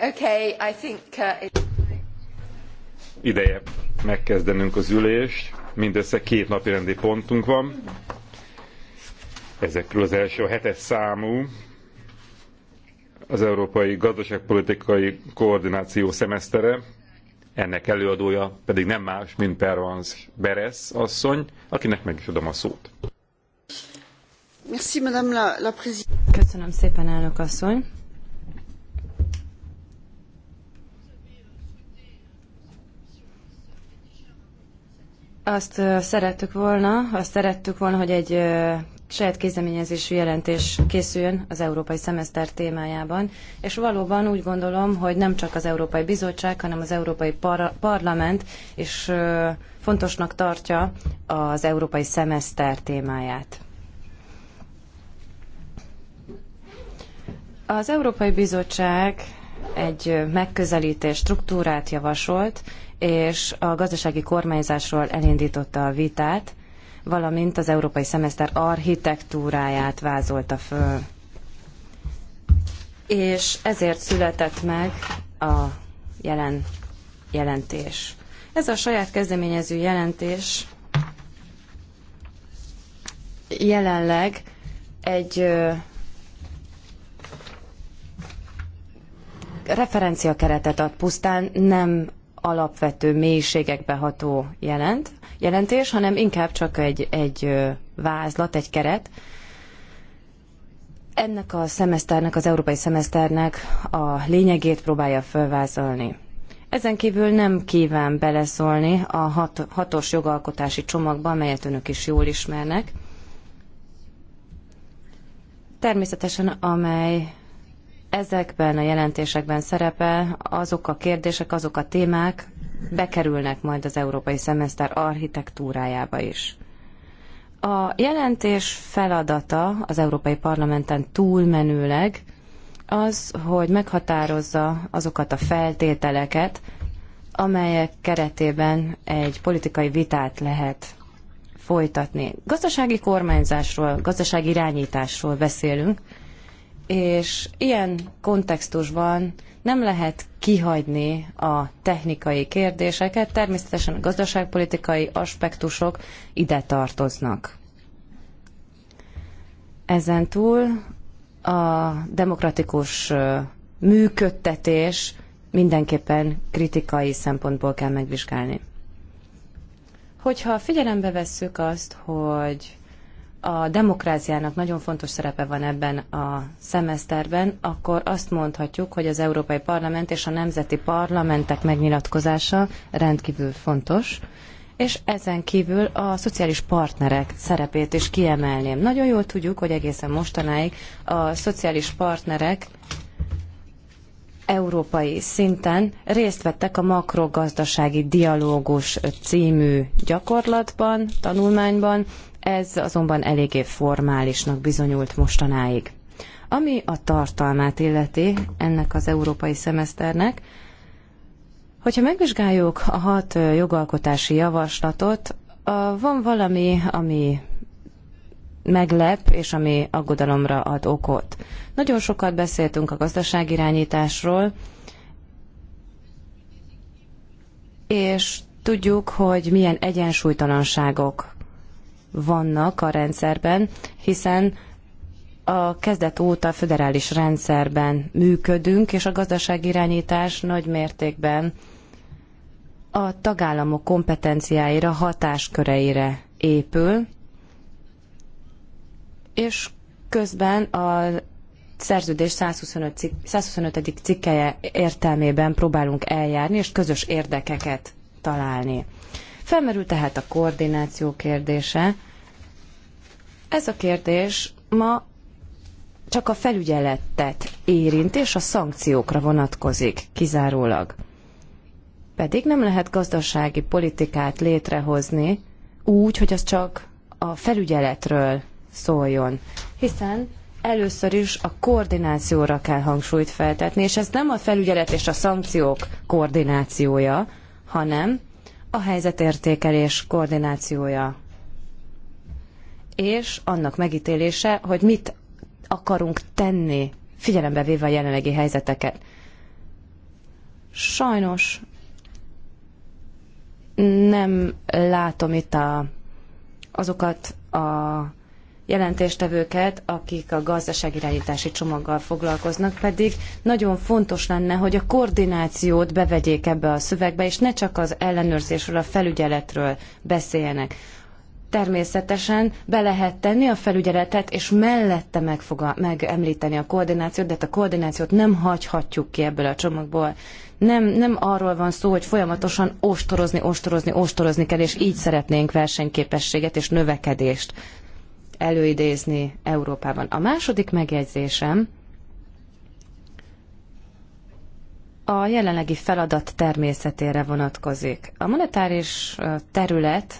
Okay, I think, uh, it... Ideje megkezdenünk az ülést. Mindössze két napi rendi pontunk van. Ezekről az első a hetes számú, az Európai Gazdaságpolitikai Koordináció szemesztere, ennek előadója pedig nem más, mint Pervans Beres asszony, akinek meg is adom a szót. Köszönöm szépen, elnök asszony. Azt szerettük volna, azt szerettük volna, hogy egy saját kézeményezésű jelentés készüljön az európai szemeszter témájában, és valóban úgy gondolom, hogy nem csak az Európai Bizottság, hanem az Európai Par Parlament is fontosnak tartja az európai szemeszter témáját. Az Európai Bizottság egy megközelítés struktúrát javasolt, és a gazdasági kormányzásról elindította a vitát, valamint az európai szemeszter architektúráját vázolta föl. És ezért született meg a jelen jelentés. Ez a saját kezdeményező jelentés jelenleg egy referenciakeretet ad pusztán, nem alapvető mélységekbe ható jelent, jelentés, hanem inkább csak egy, egy vázlat, egy keret. Ennek a szemeszternek, az európai szemeszternek a lényegét próbálja fölvázolni. Ezen kívül nem kíván beleszólni a hat, hatos jogalkotási csomagba, amelyet önök is jól ismernek. Természetesen, amely ezekben a jelentésekben szerepel, azok a kérdések, azok a témák bekerülnek majd az európai szemeszter architektúrájába is. A jelentés feladata az Európai Parlamenten túlmenőleg az, hogy meghatározza azokat a feltételeket, amelyek keretében egy politikai vitát lehet folytatni. Gazdasági kormányzásról, gazdasági irányításról beszélünk, és ilyen kontextusban nem lehet kihagyni a technikai kérdéseket, természetesen a gazdaságpolitikai aspektusok ide tartoznak. Ezen túl a demokratikus működtetés mindenképpen kritikai szempontból kell megvizsgálni. Hogyha figyelembe vesszük azt, hogy a demokráciának nagyon fontos szerepe van ebben a szemeszterben, akkor azt mondhatjuk, hogy az Európai Parlament és a nemzeti parlamentek megnyilatkozása rendkívül fontos, és ezen kívül a szociális partnerek szerepét is kiemelném. Nagyon jól tudjuk, hogy egészen mostanáig a szociális partnerek európai szinten részt vettek a makrogazdasági dialógus című gyakorlatban, tanulmányban, ez azonban eléggé formálisnak bizonyult mostanáig. Ami a tartalmát illeti ennek az európai szemeszternek, hogyha megvizsgáljuk a hat jogalkotási javaslatot, van valami, ami meglep, és ami aggodalomra ad okot. Nagyon sokat beszéltünk a gazdaságirányításról, és tudjuk, hogy milyen egyensúlytalanságok vannak a rendszerben, hiszen a kezdet óta föderális rendszerben működünk, és a gazdaságirányítás nagy mértékben a tagállamok kompetenciáira, hatásköreire épül, és közben a szerződés 125. Cik, 125. cikkeje értelmében próbálunk eljárni, és közös érdekeket találni. Felmerül tehát a koordináció kérdése. Ez a kérdés ma csak a felügyeletet érint, és a szankciókra vonatkozik kizárólag. Pedig nem lehet gazdasági politikát létrehozni úgy, hogy az csak a felügyeletről szóljon. Hiszen először is a koordinációra kell hangsúlyt feltetni, és ez nem a felügyelet és a szankciók koordinációja, hanem a helyzetértékelés koordinációja és annak megítélése, hogy mit akarunk tenni, figyelembe véve a jelenlegi helyzeteket. Sajnos nem látom itt a, azokat a jelentéstevőket, akik a gazdaságirányítási csomaggal foglalkoznak, pedig nagyon fontos lenne, hogy a koordinációt bevegyék ebbe a szövegbe, és ne csak az ellenőrzésről, a felügyeletről beszéljenek. Természetesen be lehet tenni a felügyeletet, és mellette megfoga- megemlíteni a koordinációt, de hát a koordinációt nem hagyhatjuk ki ebből a csomagból. Nem, nem arról van szó, hogy folyamatosan ostorozni, ostorozni, ostorozni kell, és így szeretnénk versenyképességet és növekedést előidézni Európában. A második megjegyzésem a jelenlegi feladat természetére vonatkozik. A monetáris terület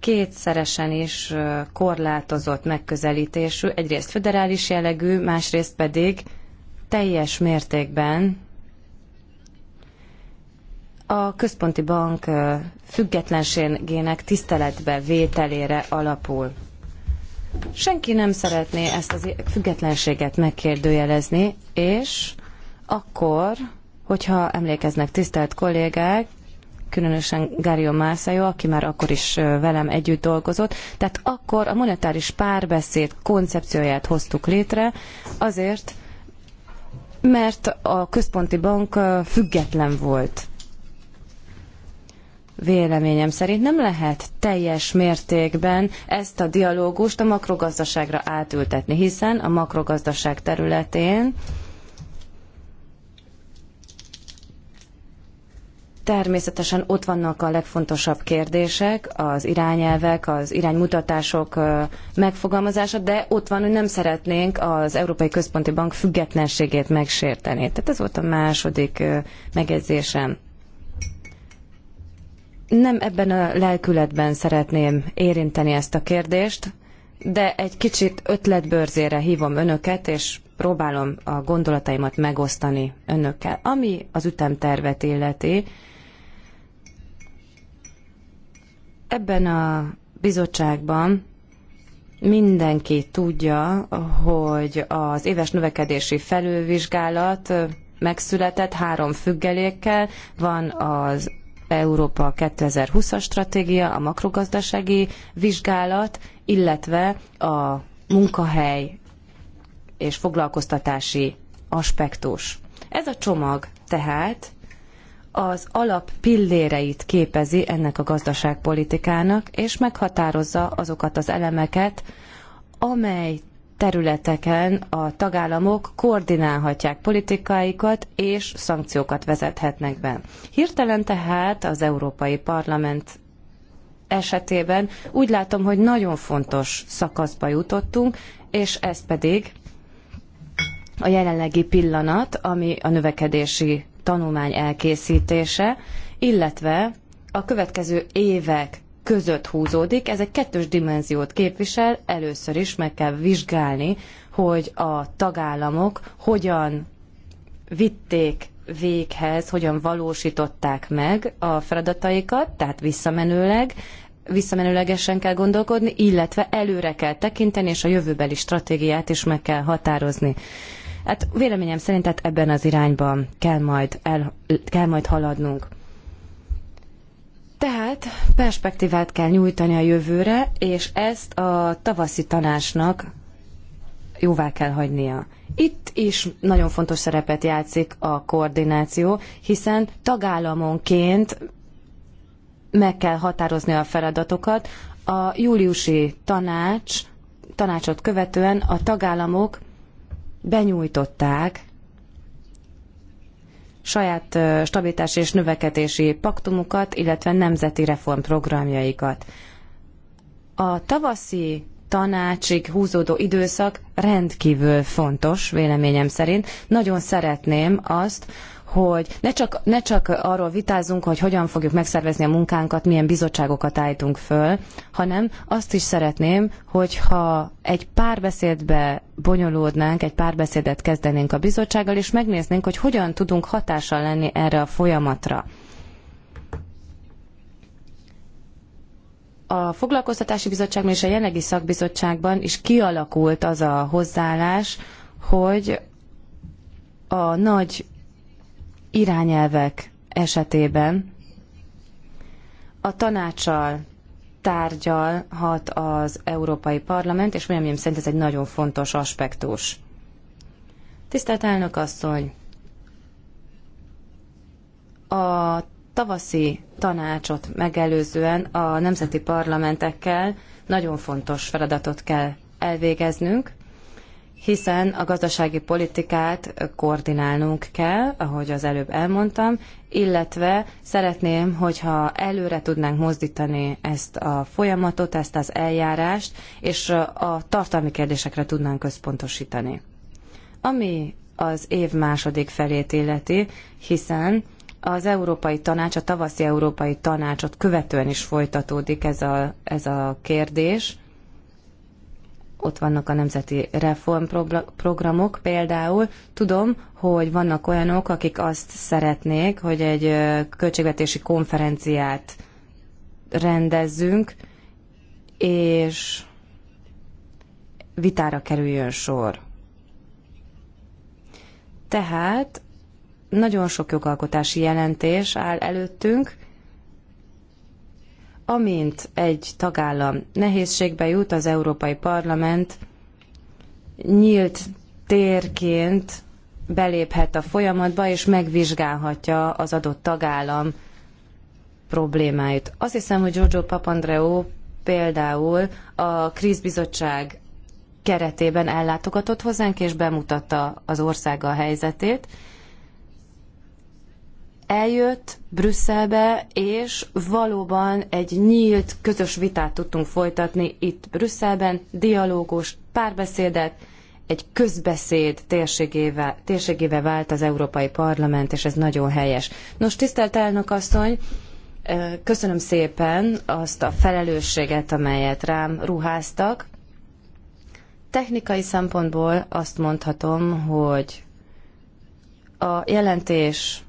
kétszeresen is korlátozott megközelítésű, egyrészt föderális jellegű, másrészt pedig teljes mértékben a központi bank függetlenségének tiszteletbe vételére alapul. Senki nem szeretné ezt a függetlenséget megkérdőjelezni, és akkor, hogyha emlékeznek tisztelt kollégák, különösen Gario Mászajó, aki már akkor is velem együtt dolgozott. Tehát akkor a monetáris párbeszéd koncepcióját hoztuk létre, azért, mert a központi bank független volt véleményem szerint nem lehet teljes mértékben ezt a dialógust a makrogazdaságra átültetni, hiszen a makrogazdaság területén Természetesen ott vannak a legfontosabb kérdések, az irányelvek, az iránymutatások megfogalmazása, de ott van, hogy nem szeretnénk az Európai Központi Bank függetlenségét megsérteni. Tehát ez volt a második megjegyzésem nem ebben a lelkületben szeretném érinteni ezt a kérdést, de egy kicsit ötletbörzére hívom önöket, és próbálom a gondolataimat megosztani önökkel. Ami az ütemtervet illeti, ebben a bizottságban mindenki tudja, hogy az éves növekedési felülvizsgálat megszületett három függelékkel, van az Európa 2020-as stratégia, a makrogazdasági vizsgálat, illetve a munkahely és foglalkoztatási aspektus. Ez a csomag tehát az alap pilléreit képezi ennek a gazdaságpolitikának, és meghatározza azokat az elemeket, amely területeken a tagállamok koordinálhatják politikáikat és szankciókat vezethetnek be. Hirtelen tehát az Európai Parlament esetében úgy látom, hogy nagyon fontos szakaszba jutottunk, és ez pedig a jelenlegi pillanat, ami a növekedési tanulmány elkészítése, illetve a következő évek között húzódik. Ez egy kettős dimenziót képvisel. Először is meg kell vizsgálni, hogy a tagállamok hogyan vitték véghez, hogyan valósították meg a feladataikat, tehát visszamenőleg, visszamenőlegesen kell gondolkodni, illetve előre kell tekinteni, és a jövőbeli stratégiát is meg kell határozni. Hát véleményem szerint ebben az irányban kell majd, el, kell majd haladnunk. Tehát perspektívát kell nyújtani a jövőre, és ezt a tavaszi tanácsnak jóvá kell hagynia. Itt is nagyon fontos szerepet játszik a koordináció, hiszen tagállamonként meg kell határozni a feladatokat. A júliusi tanács, tanácsot követően a tagállamok benyújtották saját stabilitási és növekedési paktumukat, illetve nemzeti reformprogramjaikat. A tavaszi tanácsig húzódó időszak rendkívül fontos, véleményem szerint. Nagyon szeretném azt, hogy ne csak, ne csak arról vitázunk, hogy hogyan fogjuk megszervezni a munkánkat, milyen bizottságokat állítunk föl, hanem azt is szeretném, hogyha egy párbeszédbe bonyolódnánk, egy párbeszédet kezdenénk a bizottsággal, és megnéznénk, hogy hogyan tudunk hatással lenni erre a folyamatra. a foglalkoztatási bizottságban és a jelenlegi szakbizottságban is kialakult az a hozzáállás, hogy a nagy irányelvek esetében a tanácsal tárgyalhat az Európai Parlament, és véleményem szerint ez egy nagyon fontos aspektus. Tisztelt elnök asszony! A tavaszi tanácsot megelőzően a nemzeti parlamentekkel nagyon fontos feladatot kell elvégeznünk, hiszen a gazdasági politikát koordinálnunk kell, ahogy az előbb elmondtam, illetve szeretném, hogyha előre tudnánk mozdítani ezt a folyamatot, ezt az eljárást, és a tartalmi kérdésekre tudnánk központosítani. Ami az év második felét illeti, hiszen az Európai Tanács, a tavaszi Európai Tanácsot követően is folytatódik ez a, ez a kérdés – ott vannak a nemzeti reformprogramok például. Tudom, hogy vannak olyanok, akik azt szeretnék, hogy egy költségvetési konferenciát rendezzünk, és vitára kerüljön sor. Tehát nagyon sok jogalkotási jelentés áll előttünk, amint egy tagállam nehézségbe jut, az Európai Parlament nyílt térként beléphet a folyamatba, és megvizsgálhatja az adott tagállam problémáit. Azt hiszem, hogy Giorgio Papandreou például a krízbizottság keretében ellátogatott hozzánk, és bemutatta az országa helyzetét, eljött Brüsszelbe, és valóban egy nyílt, közös vitát tudtunk folytatni itt Brüsszelben, dialógus, párbeszédet, egy közbeszéd térségével, térségével vált az Európai Parlament, és ez nagyon helyes. Nos, tisztelt elnök asszony, köszönöm szépen azt a felelősséget, amelyet rám ruháztak. Technikai szempontból azt mondhatom, hogy a jelentés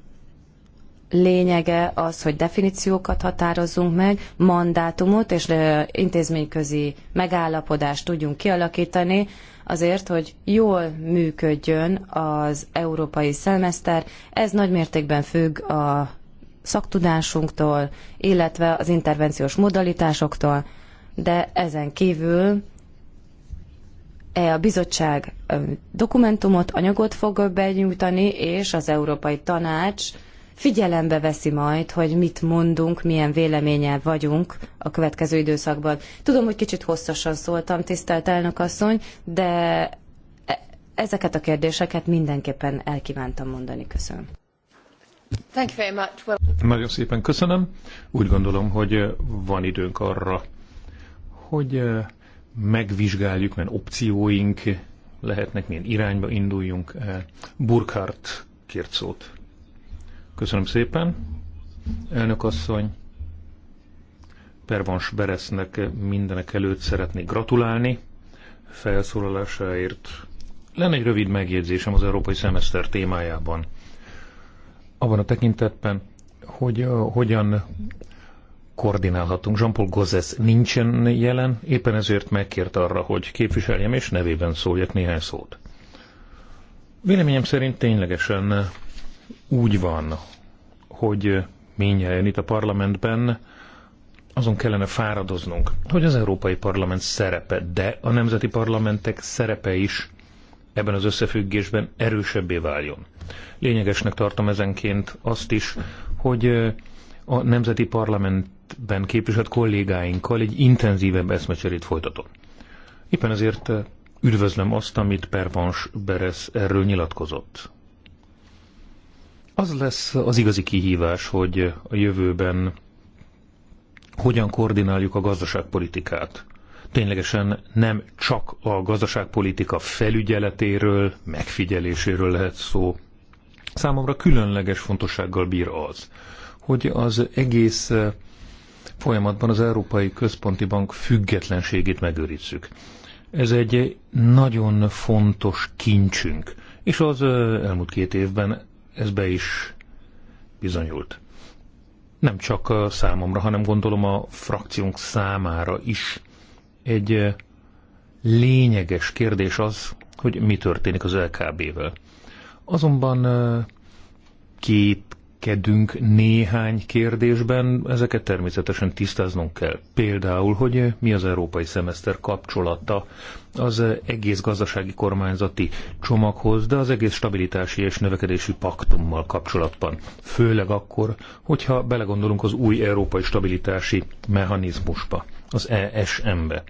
lényege az, hogy definíciókat határozzunk meg, mandátumot és intézményközi megállapodást tudjunk kialakítani, azért, hogy jól működjön az európai szemeszter. Ez nagy mértékben függ a szaktudásunktól, illetve az intervenciós modalitásoktól, de ezen kívül e a bizottság dokumentumot, anyagot fog benyújtani, és az Európai Tanács figyelembe veszi majd, hogy mit mondunk, milyen véleménnyel vagyunk a következő időszakban. Tudom, hogy kicsit hosszasan szóltam, tisztelt elnök asszony, de e, ezeket a kérdéseket mindenképpen elkívántam mondani. Köszönöm. Thank you very much. Well... Nagyon szépen köszönöm. Úgy gondolom, hogy van időnk arra, hogy megvizsgáljuk, mert opcióink lehetnek, milyen irányba induljunk Burkhardt kért szót. Köszönöm szépen. Elnök asszony, Pervans Beresznek mindenek előtt szeretnék gratulálni felszólalásáért. Lenne egy rövid megjegyzésem az európai szemeszter témájában. Abban a tekintetben, hogy uh, hogyan koordinálhatunk. Jean-Paul Gozes nincsen jelen, éppen ezért megkért arra, hogy képviseljem és nevében szóljak néhány szót. Véleményem szerint ténylegesen úgy van, hogy minnyáján itt a parlamentben azon kellene fáradoznunk, hogy az Európai Parlament szerepe, de a nemzeti parlamentek szerepe is ebben az összefüggésben erősebbé váljon. Lényegesnek tartom ezenként azt is, hogy eh, a nemzeti parlamentben képviselt kollégáinkkal egy intenzívebb eszmecserét folytatom. Éppen ezért eh, üdvözlöm azt, amit Pervans Beres erről nyilatkozott. Az lesz az igazi kihívás, hogy a jövőben hogyan koordináljuk a gazdaságpolitikát. Ténylegesen nem csak a gazdaságpolitika felügyeletéről, megfigyeléséről lehet szó. Számomra különleges fontossággal bír az, hogy az egész folyamatban az Európai Központi Bank függetlenségét megőrizzük. Ez egy nagyon fontos kincsünk, és az elmúlt két évben ez be is bizonyult. Nem csak a számomra, hanem gondolom a frakciónk számára is egy lényeges kérdés az, hogy mi történik az LKB-vel. Azonban két kedünk néhány kérdésben, ezeket természetesen tisztáznunk kell. Például, hogy mi az európai szemeszter kapcsolata az egész gazdasági kormányzati csomaghoz, de az egész stabilitási és növekedési paktummal kapcsolatban. Főleg akkor, hogyha belegondolunk az új európai stabilitási mechanizmusba, az ESM-be.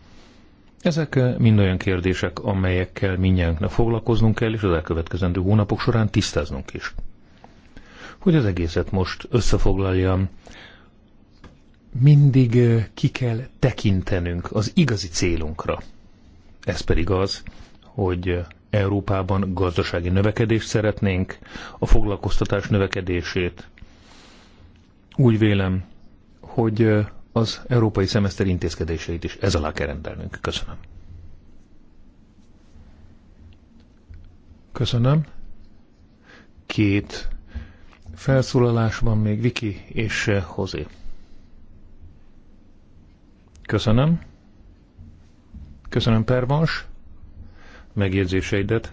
Ezek mind olyan kérdések, amelyekkel mindjárt foglalkoznunk kell, és az elkövetkezendő hónapok során tisztáznunk is. Hogy az egészet most összefoglaljam, mindig ki kell tekintenünk az igazi célunkra. Ez pedig az, hogy Európában gazdasági növekedést szeretnénk, a foglalkoztatás növekedését. Úgy vélem, hogy az európai szemeszter intézkedéseit is ez alá kell rendelnünk. Köszönöm. Köszönöm. Két felszólalás van még Viki és eh, Hozé. Köszönöm. Köszönöm, Pervans, megjegyzéseidet.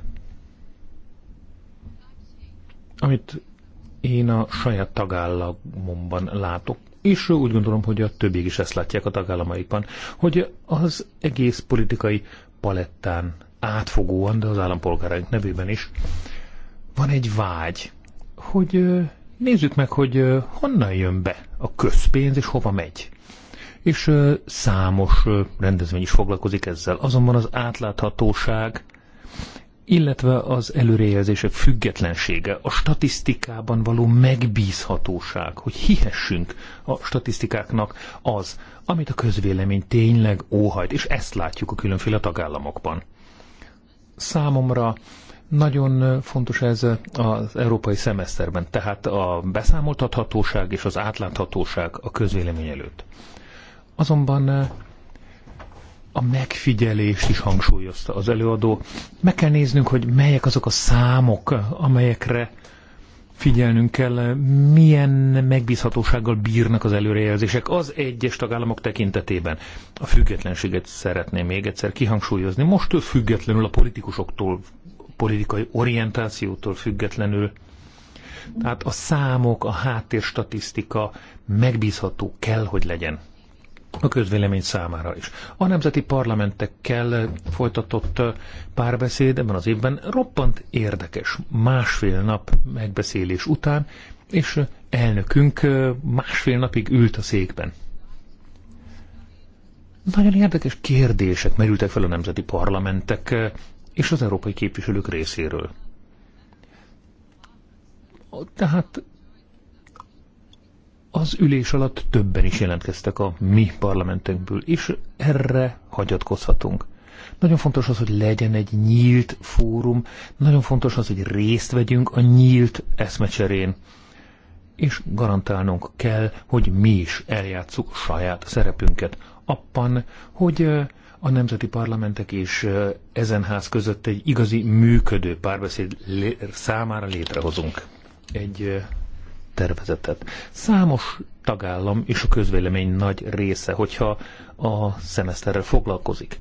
Amit én a saját tagállamomban látok, és úgy gondolom, hogy a többiek is ezt látják a tagállamaikban, hogy az egész politikai palettán átfogóan, de az állampolgáraink nevében is, van egy vágy hogy nézzük meg, hogy honnan jön be a közpénz, és hova megy. És számos rendezvény is foglalkozik ezzel. Azonban az átláthatóság, illetve az előrejelzések függetlensége, a statisztikában való megbízhatóság, hogy hihessünk a statisztikáknak az, amit a közvélemény tényleg óhajt, és ezt látjuk a különféle tagállamokban. Számomra nagyon fontos ez az európai szemeszterben, tehát a beszámoltathatóság és az átláthatóság a közvélemény előtt. Azonban a megfigyelést is hangsúlyozta az előadó. Meg kell néznünk, hogy melyek azok a számok, amelyekre figyelnünk kell, milyen megbízhatósággal bírnak az előrejelzések az egyes tagállamok tekintetében. A függetlenséget szeretném még egyszer kihangsúlyozni. Most függetlenül a politikusoktól politikai orientációtól függetlenül. Tehát a számok, a háttérstatisztika megbízható kell, hogy legyen a közvélemény számára is. A nemzeti parlamentekkel folytatott párbeszéd ebben az évben roppant érdekes. Másfél nap megbeszélés után, és elnökünk másfél napig ült a székben. Nagyon érdekes kérdések merültek fel a nemzeti parlamentek és az európai képviselők részéről. Tehát az ülés alatt többen is jelentkeztek a mi parlamentünkből, és erre hagyatkozhatunk. Nagyon fontos az, hogy legyen egy nyílt fórum, nagyon fontos az, hogy részt vegyünk a nyílt eszmecserén, és garantálnunk kell, hogy mi is eljátszuk saját szerepünket, abban, hogy a nemzeti parlamentek és ezen ház között egy igazi működő párbeszéd számára létrehozunk egy tervezetet. Számos tagállam és a közvélemény nagy része, hogyha a szemeszterrel foglalkozik,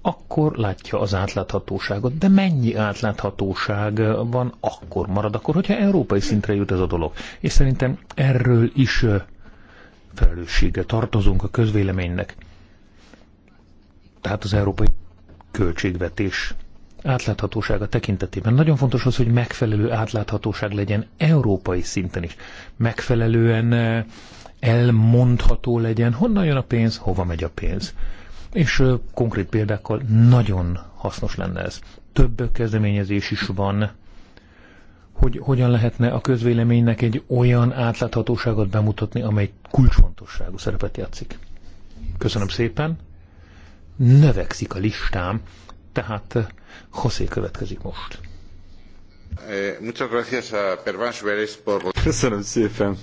akkor látja az átláthatóságot, de mennyi átláthatóság van akkor marad, akkor, hogyha európai szintre jut ez a dolog. És szerintem erről is felelősséggel tartozunk a közvéleménynek tehát az európai költségvetés átláthatósága tekintetében nagyon fontos az, hogy megfelelő átláthatóság legyen európai szinten is. Megfelelően eh, elmondható legyen, honnan jön a pénz, hova megy a pénz. És eh, konkrét példákkal nagyon hasznos lenne ez. Több kezdeményezés is van, hogy hogyan lehetne a közvéleménynek egy olyan átláthatóságot bemutatni, amely kulcsfontosságú szerepet játszik. Köszönöm szépen! növekszik a listám, tehát eh, José következik most. Eh, Köszönöm szépen.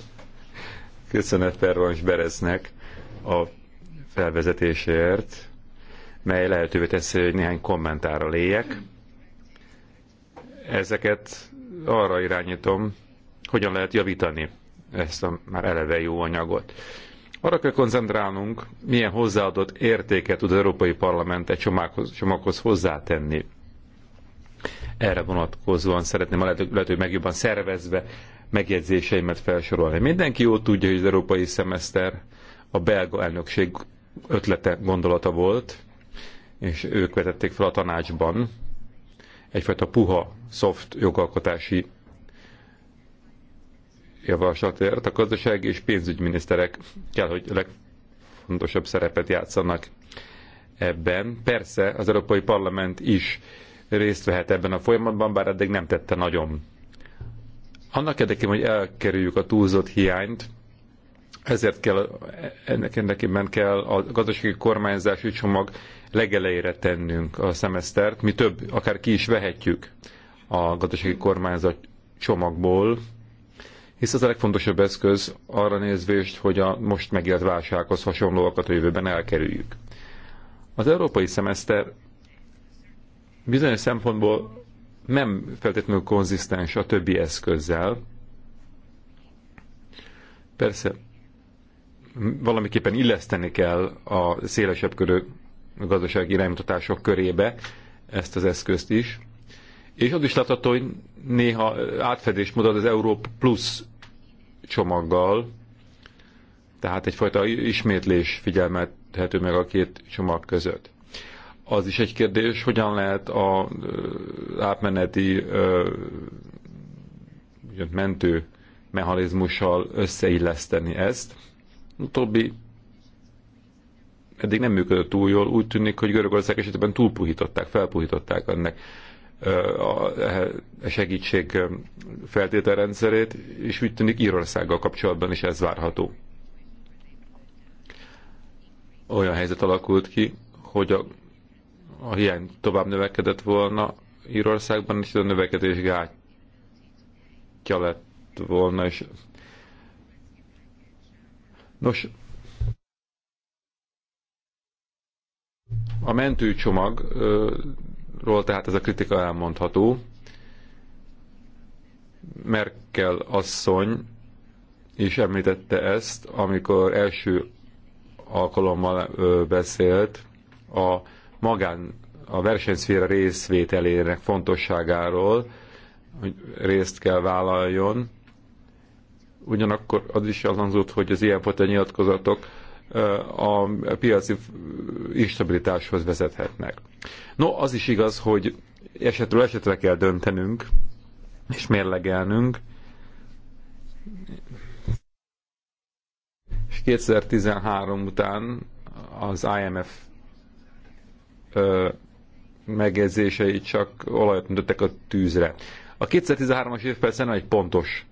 Köszönet Pervans Bereznek a felvezetésért, mely lehetővé teszi, hogy néhány kommentára éljek. Ezeket arra irányítom, hogyan lehet javítani ezt a már eleve jó anyagot. Arra kell koncentrálnunk, milyen hozzáadott értéket tud az Európai Parlament egy csomaghoz, csomaghoz hozzátenni. Erre vonatkozóan szeretném a lehető, lehető megjobban szervezve megjegyzéseimet felsorolni. Mindenki jó tudja, hogy az európai szemeszter a belga elnökség ötlete, gondolata volt, és ők vetették fel a tanácsban egyfajta puha, soft jogalkotási javaslatért a gazdaság és pénzügyminiszterek kell, hogy legfontosabb szerepet játszanak ebben. Persze az Európai Parlament is részt vehet ebben a folyamatban, bár eddig nem tette nagyon. Annak érdekében, hogy elkerüljük a túlzott hiányt, ezért kell, ennek érdekében kell a gazdasági kormányzási csomag legelejére tennünk a szemesztert. Mi több, akár ki is vehetjük a gazdasági kormányzat csomagból, hisz ez a legfontosabb eszköz arra nézvést, hogy a most megélt válsághoz hasonlóakat a jövőben elkerüljük. Az európai szemeszter bizonyos szempontból nem feltétlenül konzisztens a többi eszközzel. Persze valamiképpen illeszteni kell a szélesebb körű gazdasági iránymutatások körébe ezt az eszközt is, és az is látható, hogy néha átfedés mutat az Európ Plus csomaggal, tehát egyfajta ismétlés figyelmethető meg a két csomag között. Az is egy kérdés, hogyan lehet a átmeneti ö, mentő mechanizmussal összeilleszteni ezt. Utóbbi eddig nem működött túl jól, úgy tűnik, hogy Görögország esetében túlpuhították, felpuhították ennek a e, e segítség feltételrendszerét, és úgy tűnik Írországgal kapcsolatban is ez várható. Olyan helyzet alakult ki, hogy a, a hiány tovább növekedett volna Írországban, és a növekedés gátja lett volna, és Nos, a mentőcsomag ról tehát ez a kritika elmondható. Merkel asszony is említette ezt, amikor első alkalommal beszélt a magán, a versenyszféra részvételének fontosságáról, hogy részt kell vállaljon. Ugyanakkor az is azonzott, hogy az ilyenfajta nyilatkozatok a piaci instabilitáshoz vezethetnek. No, az is igaz, hogy esetről esetre kell döntenünk, és mérlegelnünk. És 2013 után az IMF ö, megjegyzései csak olajat mutattak a tűzre. A 2013-as év persze nem egy pontos,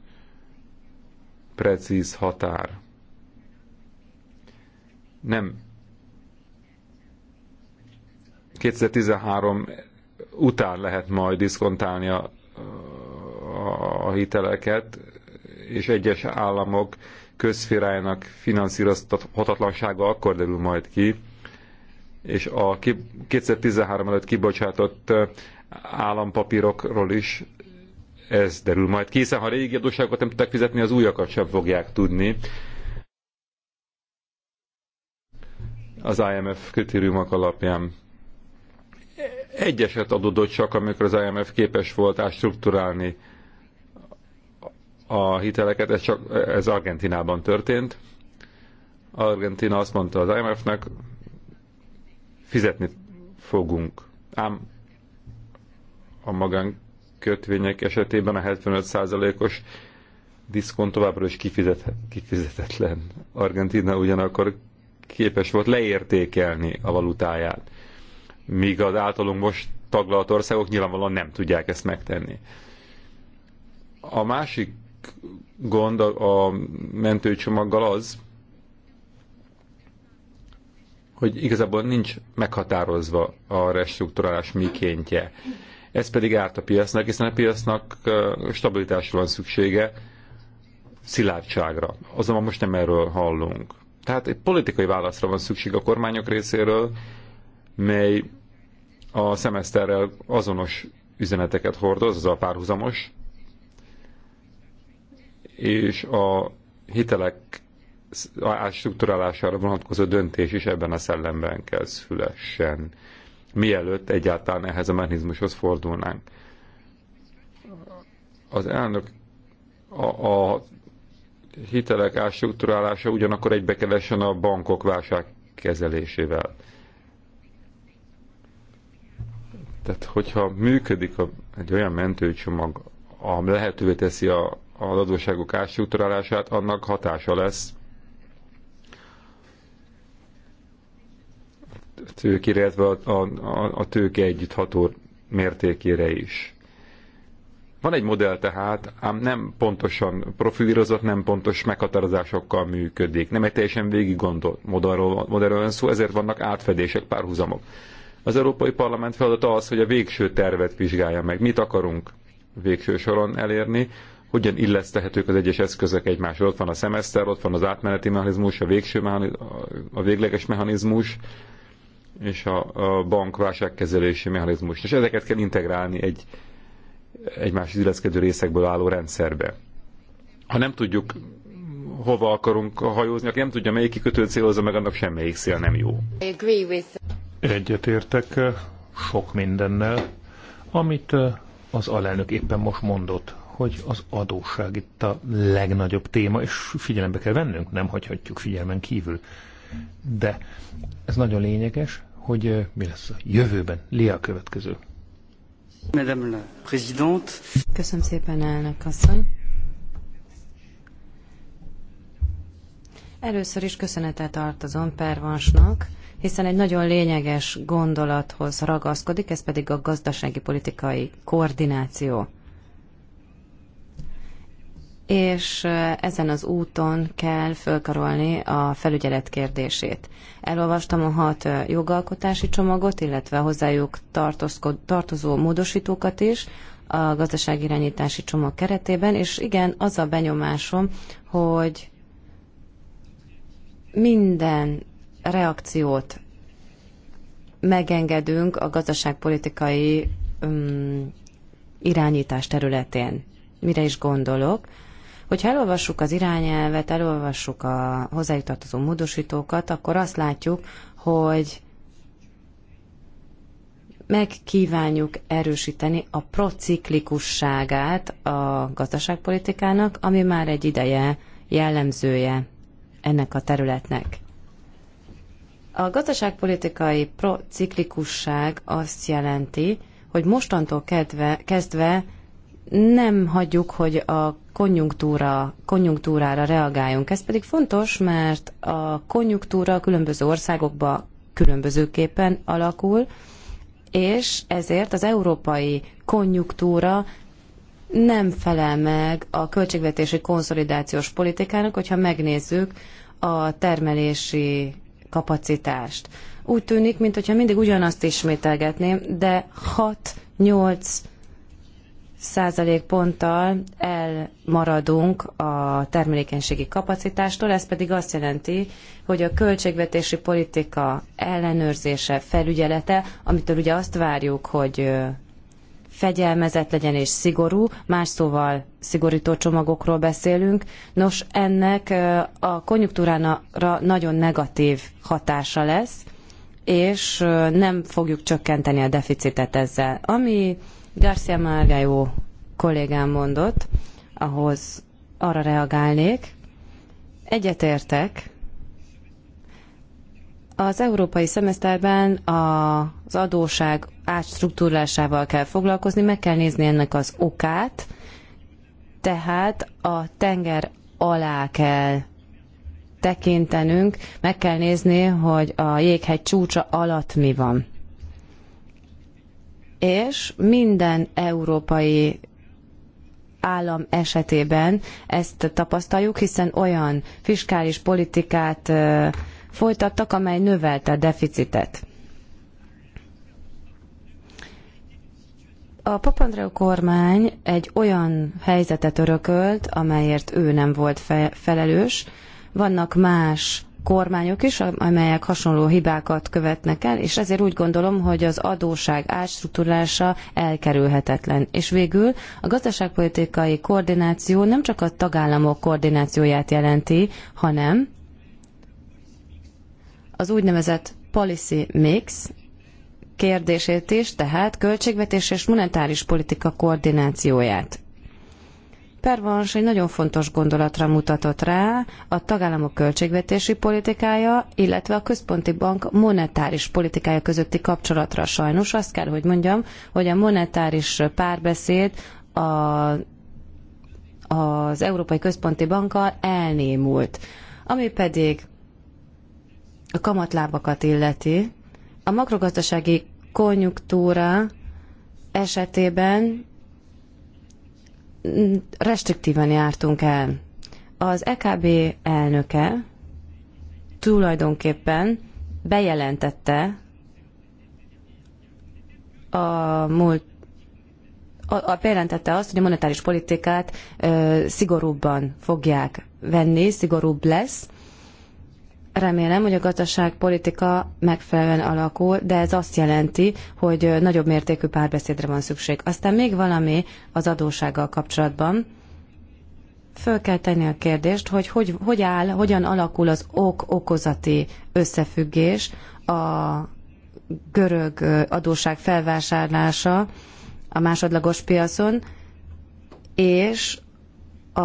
precíz határ nem 2013 után lehet majd diszkontálni a, a, a hiteleket, és egyes államok közférájának finanszírozhatatlansága akkor derül majd ki, és a 2013 előtt kibocsátott állampapírokról is ez derül majd ki, hiszen ha régi adósságokat nem tudták fizetni, az újakat sem fogják tudni. az IMF kritériumok alapján. Egy eset adódott csak, amikor az IMF képes volt átstruktúrálni a hiteleket, ez, csak, ez Argentinában történt. Argentina azt mondta az IMF-nek, fizetni fogunk. Ám a magánkötvények esetében a 75%-os diszkont továbbra is kifizethet, Argentina ugyanakkor képes volt leértékelni a valutáját, míg az általunk most taglalt országok nyilvánvalóan nem tudják ezt megtenni. A másik gond a, a mentőcsomaggal az, hogy igazából nincs meghatározva a restrukturálás mikéntje. Ez pedig árt a piacnak, hiszen a piacnak stabilitásra van szüksége, szilárdságra. Azonban most nem erről hallunk. Tehát egy politikai válaszra van szükség a kormányok részéről, mely a szemeszterrel azonos üzeneteket hordoz, az a párhuzamos, és a hitelek átstruktúrálására vonatkozó döntés is ebben a szellemben kell szülessen, mielőtt egyáltalán ehhez a mechanizmushoz fordulnánk. Az elnök a, a hitelek ástruktúrálása ugyanakkor egybekevessen a bankok kezelésével. Tehát, hogyha működik a, egy olyan mentőcsomag, ami lehetővé teszi a, a adósságok ástruktúrálását, annak hatása lesz tőkére, illetve a, a, a tőke ható mértékére is. Van egy modell tehát, ám nem pontosan profilírozott, nem pontos meghatározásokkal működik. Nem egy teljesen végig gondolt modellről, modellről van szó, ezért vannak átfedések, párhuzamok. Az Európai Parlament feladata az, hogy a végső tervet vizsgálja meg. Mit akarunk végső soron elérni, hogyan illesztehetők az egyes eszközök egymáshoz. Ott van a szemeszter, ott van az átmeneti mechanizmus, a végső mechanizmus, a végleges mechanizmus, és a, a bank válságkezelési mechanizmus. És ezeket kell integrálni egy egymás illeszkedő részekből álló rendszerbe. Ha nem tudjuk, hova akarunk hajózni, aki nem tudja, melyik kikötő célozza meg, annak semmelyik szél nem jó. Egyetértek eh, sok mindennel, amit eh, az alelnök éppen most mondott, hogy az adósság itt a legnagyobb téma, és figyelembe kell vennünk, nem hagyhatjuk figyelmen kívül. De ez nagyon lényeges, hogy eh, mi lesz a jövőben. Lia a következő. Madame la Présidente. Köszönöm szépen, elnök asszony. Először is köszönetet tartozom Pervansnak, hiszen egy nagyon lényeges gondolathoz ragaszkodik, ez pedig a gazdasági politikai koordináció és ezen az úton kell fölkarolni a felügyelet kérdését. Elolvastam a hat jogalkotási csomagot, illetve hozzájuk tartozó módosítókat is a gazdaságirányítási csomag keretében, és igen, az a benyomásom, hogy minden reakciót megengedünk a gazdaságpolitikai um, irányítás területén. Mire is gondolok? Hogyha elolvassuk az irányelvet, elolvassuk a hozzájutatozó módosítókat, akkor azt látjuk, hogy megkívánjuk erősíteni a prociklikusságát a gazdaságpolitikának, ami már egy ideje jellemzője ennek a területnek. A gazdaságpolitikai prociklikusság azt jelenti, hogy mostantól kedve, kezdve nem hagyjuk, hogy a konjunktúra, konjunktúrára reagáljunk. Ez pedig fontos, mert a konjunktúra különböző országokba különbözőképpen alakul, és ezért az európai konjunktúra nem felel meg a költségvetési konszolidációs politikának, hogyha megnézzük a termelési kapacitást. Úgy tűnik, mintha mindig ugyanazt ismételgetném, de 6-8 százalékponttal elmaradunk a termelékenységi kapacitástól, ez pedig azt jelenti, hogy a költségvetési politika ellenőrzése, felügyelete, amitől ugye azt várjuk, hogy fegyelmezett legyen és szigorú, más szóval szigorító csomagokról beszélünk. Nos, ennek a konjunktúrára nagyon negatív hatása lesz, és nem fogjuk csökkenteni a deficitet ezzel. Ami Garcia Márgájó kollégám mondott, ahhoz arra reagálnék. Egyetértek. Az európai szemeszterben az adóság átstruktúrálásával kell foglalkozni, meg kell nézni ennek az okát, tehát a tenger alá kell tekintenünk, meg kell nézni, hogy a jéghegy csúcsa alatt mi van és minden európai állam esetében ezt tapasztaljuk, hiszen olyan fiskális politikát folytattak, amely növelte a deficitet. A Papandreou kormány egy olyan helyzetet örökölt, amelyért ő nem volt fe felelős. Vannak más kormányok is, amelyek hasonló hibákat követnek el, és ezért úgy gondolom, hogy az adóság átstruktúrása elkerülhetetlen. És végül a gazdaságpolitikai koordináció nem csak a tagállamok koordinációját jelenti, hanem az úgynevezett policy mix kérdését is, tehát költségvetés és monetáris politika koordinációját. Pervans egy nagyon fontos gondolatra mutatott rá, a tagállamok költségvetési politikája, illetve a központi bank monetáris politikája közötti kapcsolatra. Sajnos azt kell, hogy mondjam, hogy a monetáris párbeszéd a, az Európai Központi Bankkal elnémult. Ami pedig a kamatlábakat illeti, a makrogazdasági konjunktúra esetében restriktíven jártunk el. Az EKB elnöke tulajdonképpen bejelentette a múlt a, a bejelentette azt, hogy a monetáris politikát ö, szigorúbban fogják venni, szigorúbb lesz, Remélem, hogy a gazdaságpolitika megfelelően alakul, de ez azt jelenti, hogy nagyobb mértékű párbeszédre van szükség. Aztán még valami az adósággal kapcsolatban. Föl kell tenni a kérdést, hogy hogy, hogy áll, hogyan alakul az ok-okozati összefüggés a görög adóság felvásárlása a másodlagos piacon, és a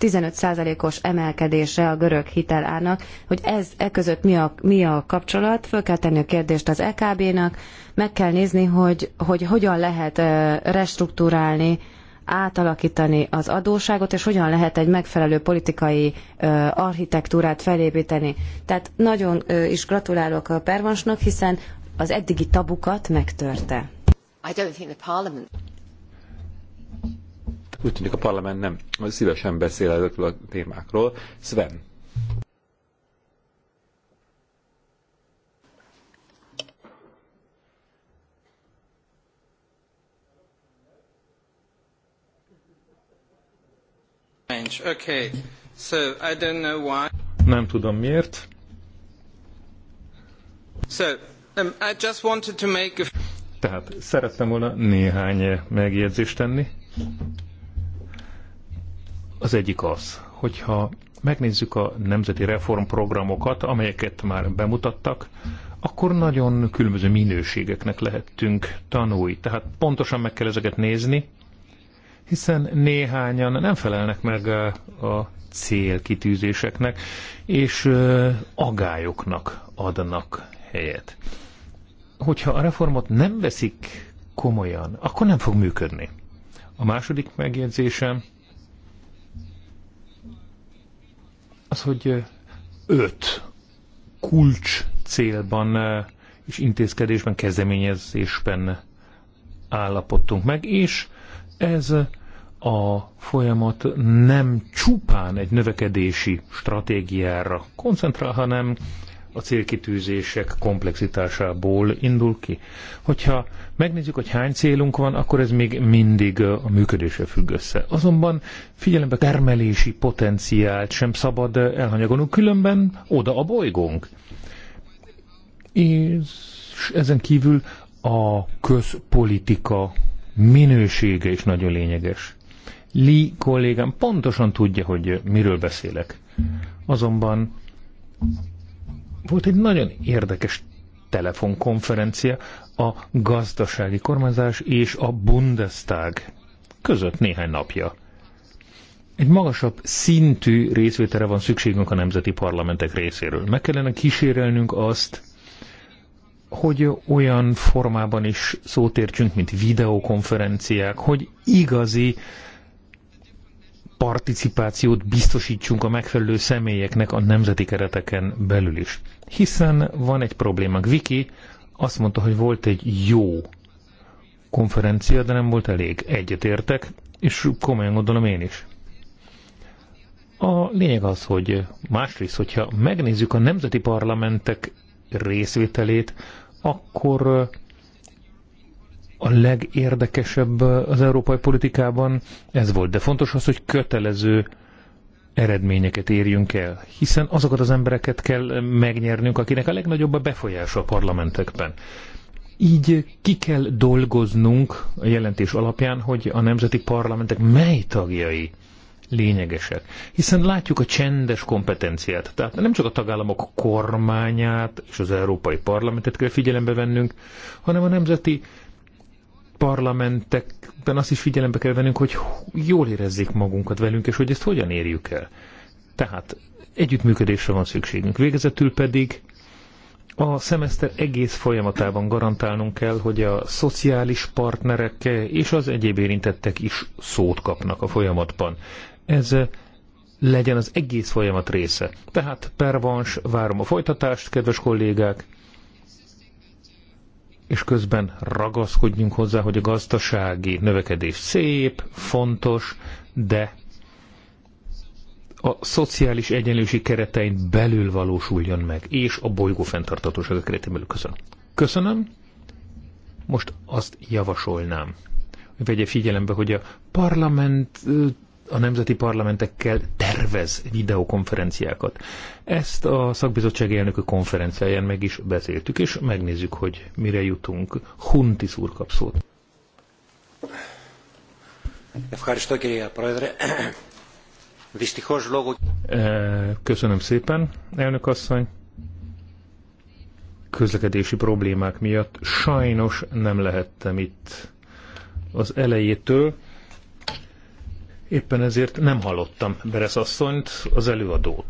15%-os emelkedése a görög hitelának, hogy ez e között mi a, mi a kapcsolat, föl kell tenni a kérdést az EKB-nak, meg kell nézni, hogy, hogy hogyan lehet restruktúrálni, átalakítani az adóságot, és hogyan lehet egy megfelelő politikai architektúrát felépíteni. Tehát nagyon is gratulálok a Pervansnak, hiszen az eddigi tabukat megtörte. Úgy tűnik a parlament nem szívesen beszél ezekről a témákról. Sven. Okay. So, I don't know why. Nem tudom miért. So, um, I just wanted to make a... Tehát szerettem volna néhány megjegyzést tenni. Az egyik az, hogyha megnézzük a nemzeti reformprogramokat, amelyeket már bemutattak, akkor nagyon különböző minőségeknek lehettünk tanulni. Tehát pontosan meg kell ezeket nézni, hiszen néhányan nem felelnek meg eh, a célkitűzéseknek, és eh, agályoknak adnak helyet. Hogyha a reformot nem veszik komolyan, akkor nem fog működni. A második megjegyzésem az, hogy öt kulcs célban és intézkedésben, kezdeményezésben állapodtunk meg, és ez a folyamat nem csupán egy növekedési stratégiára koncentrál, hanem a célkitűzések komplexitásából indul ki. Hogyha megnézzük, hogy hány célunk van, akkor ez még mindig a működése függ össze. Azonban figyelembe termelési potenciált sem szabad elhanyagolnunk, különben oda a bolygónk. És ezen kívül a közpolitika minősége is nagyon lényeges. Li kollégám pontosan tudja, hogy miről beszélek. Azonban volt egy nagyon érdekes telefonkonferencia a gazdasági kormányzás és a Bundestag között néhány napja. Egy magasabb szintű részvételre van szükségünk a nemzeti parlamentek részéről. Meg kellene kísérelnünk azt, hogy olyan formában is szót értsünk, mint videokonferenciák, hogy igazi participációt biztosítsunk a megfelelő személyeknek a nemzeti kereteken belül is. Hiszen van egy problémánk. Viki azt mondta, hogy volt egy jó konferencia, de nem volt elég. Egyetértek, és komolyan gondolom én is. A lényeg az, hogy másrészt, hogyha megnézzük a nemzeti parlamentek részvételét, akkor a legérdekesebb az európai politikában ez volt. De fontos az, hogy kötelező eredményeket érjünk el, hiszen azokat az embereket kell megnyernünk, akinek a legnagyobb a befolyása a parlamentekben. Így ki kell dolgoznunk a jelentés alapján, hogy a nemzeti parlamentek mely tagjai lényegesek. Hiszen látjuk a csendes kompetenciát. Tehát nem csak a tagállamok kormányát és az Európai Parlamentet kell figyelembe vennünk, hanem a nemzeti parlamentekben azt is figyelembe kell vennünk, hogy jól érezzék magunkat velünk, és hogy ezt hogyan érjük el. Tehát együttműködésre van szükségünk. Végezetül pedig a szemeszter egész folyamatában garantálnunk kell, hogy a szociális partnerek és az egyéb érintettek is szót kapnak a folyamatban. Ez legyen az egész folyamat része. Tehát pervans, várom a folytatást, kedves kollégák, és közben ragaszkodjunk hozzá, hogy a gazdasági növekedés szép, fontos, de a szociális egyenlőség keretein belül valósuljon meg, és a bolygó fenntartatósága keretein belül. Köszönöm. Köszönöm. Most azt javasolnám, hogy vegye figyelembe, hogy a parlament a nemzeti parlamentekkel tervez videokonferenciákat. Ezt a szakbizottság elnökök konferenciáján meg is beszéltük, és megnézzük, hogy mire jutunk. Hunti úr kap szót. Eh, köszönöm szépen, elnök asszony. Közlekedési problémák miatt sajnos nem lehettem itt az elejétől Éppen ezért nem hallottam Beresz asszonyt, az előadót.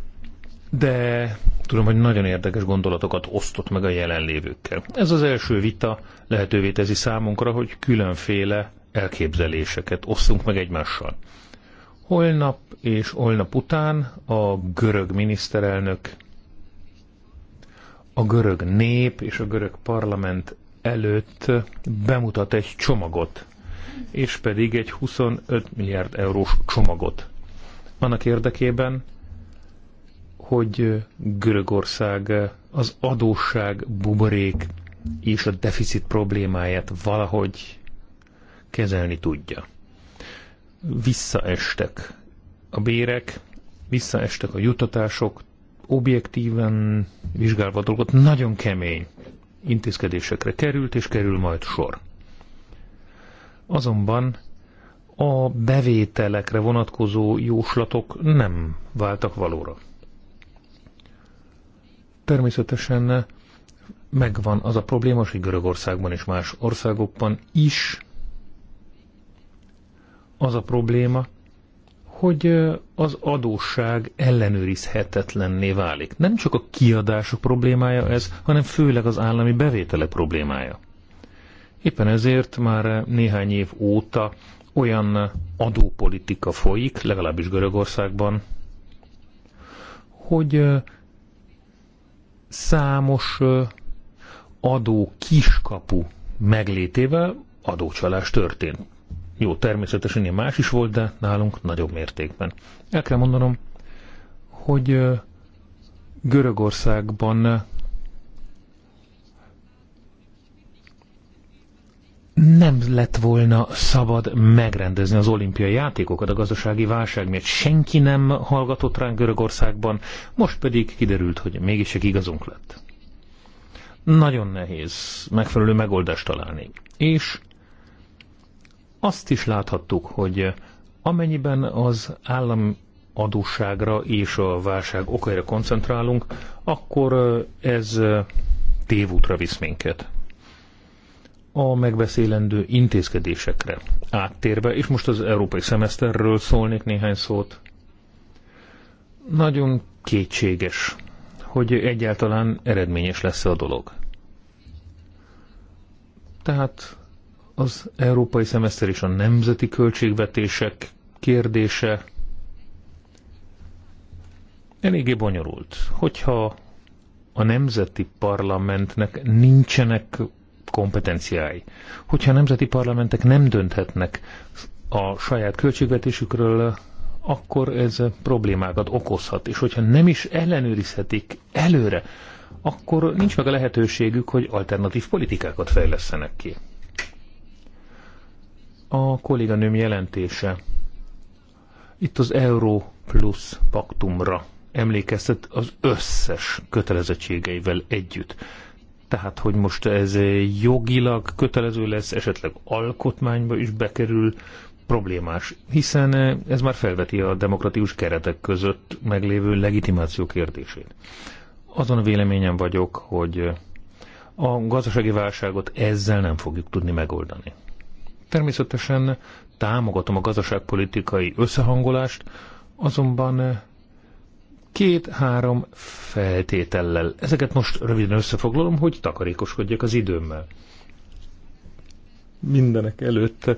De tudom, hogy nagyon érdekes gondolatokat osztott meg a jelenlévőkkel. Ez az első vita lehetővé teszi számunkra, hogy különféle elképzeléseket osszunk meg egymással. Holnap és holnap után a görög miniszterelnök, a görög nép és a görög parlament előtt bemutat egy csomagot és pedig egy 25 milliárd eurós csomagot. Annak érdekében, hogy Görögország az adósság buborék és a deficit problémáját valahogy kezelni tudja. Visszaestek a bérek, visszaestek a jutatások, objektíven vizsgálva dolgot nagyon kemény intézkedésekre került, és kerül majd sor. Azonban a bevételekre vonatkozó jóslatok nem váltak valóra. Természetesen megvan az a probléma, hogy Görögországban és más országokban is az a probléma, hogy az adósság ellenőrizhetetlenné válik. Nem csak a kiadások problémája ez, hanem főleg az állami bevételek problémája. Éppen ezért már néhány év óta olyan adópolitika folyik, legalábbis Görögországban, hogy számos adó kiskapu meglétével adócsalás történt. Jó, természetesen ilyen más is volt, de nálunk nagyobb mértékben. El kell mondanom, hogy Görögországban nem lett volna szabad megrendezni az olimpiai játékokat a gazdasági válság miatt. Senki nem hallgatott ránk Görögországban, most pedig kiderült, hogy mégis egy igazunk lett. Nagyon nehéz megfelelő megoldást találni. És azt is láthattuk, hogy amennyiben az állam adósságra és a válság okaira koncentrálunk, akkor ez tévútra visz minket a megbeszélendő intézkedésekre áttérve, és most az európai szemeszterről szólnék néhány szót. Nagyon kétséges, hogy egyáltalán eredményes lesz a dolog. Tehát az európai szemeszter és a nemzeti költségvetések kérdése eléggé bonyolult. Hogyha a nemzeti parlamentnek nincsenek kompetenciái. Hogyha a nemzeti parlamentek nem dönthetnek a saját költségvetésükről, akkor ez problémákat okozhat, és hogyha nem is ellenőrizhetik előre, akkor nincs meg a lehetőségük, hogy alternatív politikákat fejlesztenek ki. A kolléganőm jelentése itt az Euró plusz paktumra emlékeztet az összes kötelezettségeivel együtt. Tehát, hogy most ez jogilag kötelező lesz, esetleg alkotmányba is bekerül, problémás, hiszen ez már felveti a demokratikus keretek között meglévő legitimáció kérdését. Azon a véleményem vagyok, hogy a gazdasági válságot ezzel nem fogjuk tudni megoldani. Természetesen támogatom a gazdaságpolitikai összehangolást, azonban két-három feltétellel. Ezeket most röviden összefoglalom, hogy takarékoskodjak az időmmel. Mindenek előtt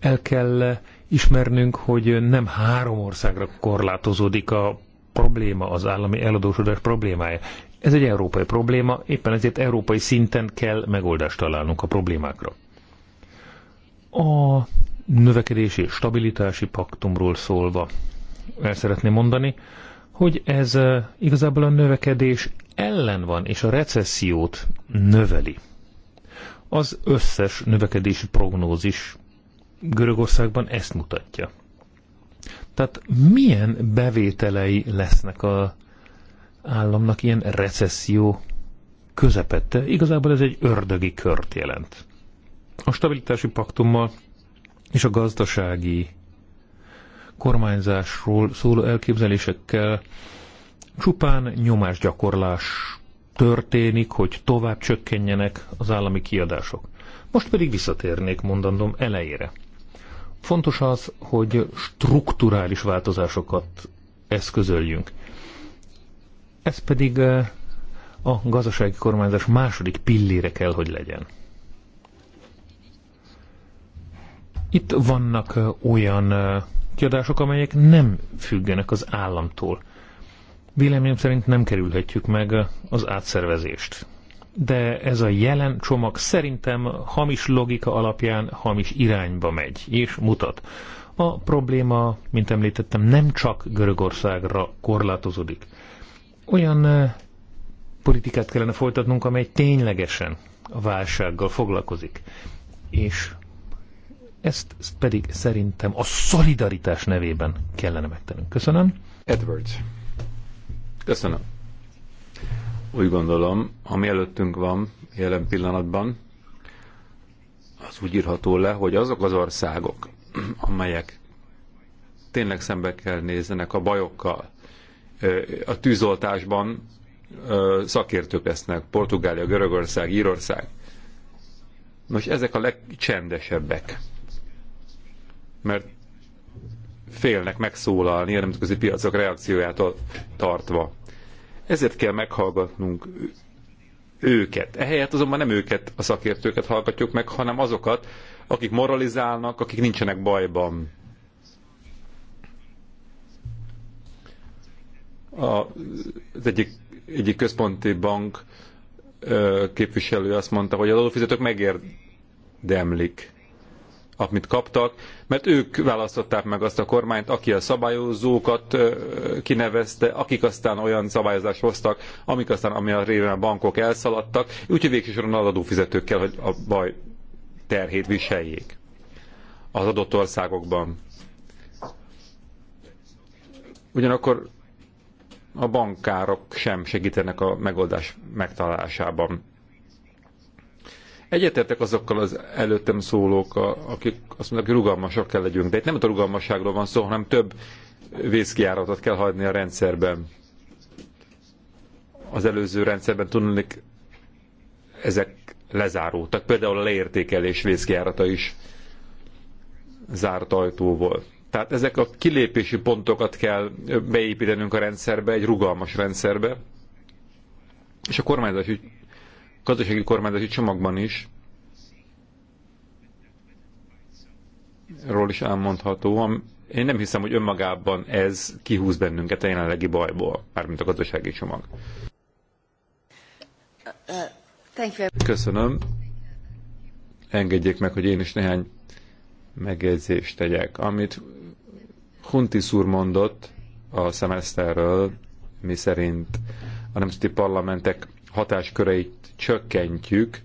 el kell ismernünk, hogy nem három országra korlátozódik a probléma, az állami eladósodás problémája. Ez egy európai probléma, éppen ezért európai szinten kell megoldást találnunk a problémákra. A növekedési stabilitási paktumról szólva el szeretném mondani, hogy ez igazából a növekedés ellen van, és a recessziót növeli. Az összes növekedési prognózis Görögországban ezt mutatja. Tehát milyen bevételei lesznek a államnak ilyen recesszió közepette? Igazából ez egy ördögi kört jelent. A stabilitási paktummal és a gazdasági kormányzásról szóló elképzelésekkel csupán nyomásgyakorlás történik, hogy tovább csökkenjenek az állami kiadások. Most pedig visszatérnék mondandom elejére. Fontos az, hogy strukturális változásokat eszközöljünk. Ez pedig eh, a gazdasági kormányzás második pillére kell, hogy legyen. Itt vannak eh, olyan eh, kiadások, amelyek nem függenek az államtól. Véleményem szerint nem kerülhetjük meg az átszervezést. De ez a jelen csomag szerintem hamis logika alapján hamis irányba megy, és mutat. A probléma, mint említettem, nem csak Görögországra korlátozódik. Olyan politikát kellene folytatnunk, amely ténylegesen a válsággal foglalkozik. És ezt pedig szerintem a szolidaritás nevében kellene megtennünk. Köszönöm. Edwards. Köszönöm. Úgy gondolom, ami előttünk van jelen pillanatban, az úgy írható le, hogy azok az országok, amelyek tényleg szembe kell nézzenek a bajokkal, a tűzoltásban szakértők lesznek, Portugália, Görögország, Írország. Nos, ezek a legcsendesebbek mert félnek megszólalni a nemzetközi piacok reakciójától tartva. Ezért kell meghallgatnunk őket. Ehelyett azonban nem őket, a szakértőket hallgatjuk meg, hanem azokat, akik moralizálnak, akik nincsenek bajban. A, az egyik, egyik központi bank ö, képviselő azt mondta, hogy az adófizetők megérdemlik amit kaptak, mert ők választották meg azt a kormányt, aki a szabályozókat kinevezte, akik aztán olyan szabályozást hoztak, amik aztán, ami a révén a bankok elszaladtak, úgyhogy végsősorban az adófizetők kell, hogy a baj terhét viseljék az adott országokban. Ugyanakkor a bankárok sem segítenek a megoldás megtalálásában. Egyetértek azokkal az előttem szólók, akik azt mondják, hogy rugalmasak kell legyünk. De itt nem a rugalmasságról van szó, hanem több vészkiáratot kell hagyni a rendszerben. Az előző rendszerben tudnék ezek lezárultak. Például a leértékelés vészkiárata is zárt ajtó volt. Tehát ezek a kilépési pontokat kell beépítenünk a rendszerbe, egy rugalmas rendszerbe, és a kormányzás gazdasági kormányzati csomagban is ról is elmondható. Én nem hiszem, hogy önmagában ez kihúz bennünket a jelenlegi bajból, mármint a gazdasági csomag. Köszönöm. Engedjék meg, hogy én is néhány megjegyzést tegyek. Amit Hunti úr mondott a szemeszterről, mi szerint a nemzeti parlamentek hatásköreit csökkentjük,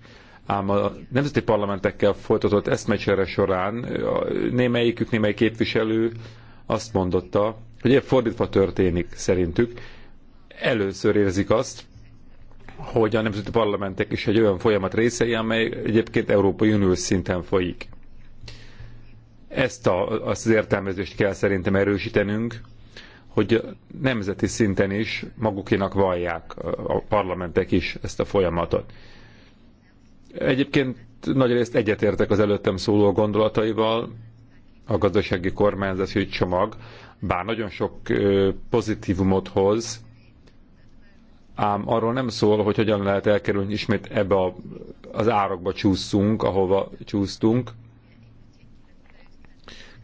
ám a nemzeti parlamentekkel folytatott eszmecsere során némelyikük, némely képviselő azt mondotta, hogy ilyen fordítva történik szerintük. Először érzik azt, hogy a nemzeti parlamentek is egy olyan folyamat részei, amely egyébként Európai Unió szinten folyik. Ezt a, azt az értelmezést kell szerintem erősítenünk, hogy nemzeti szinten is magukénak vallják a parlamentek is ezt a folyamatot. Egyébként nagy részt egyetértek az előttem szóló gondolataival, a gazdasági kormányzási csomag, bár nagyon sok pozitívumot hoz, ám arról nem szól, hogy hogyan lehet elkerülni ismét ebbe az árokba csúszunk, ahova csúsztunk,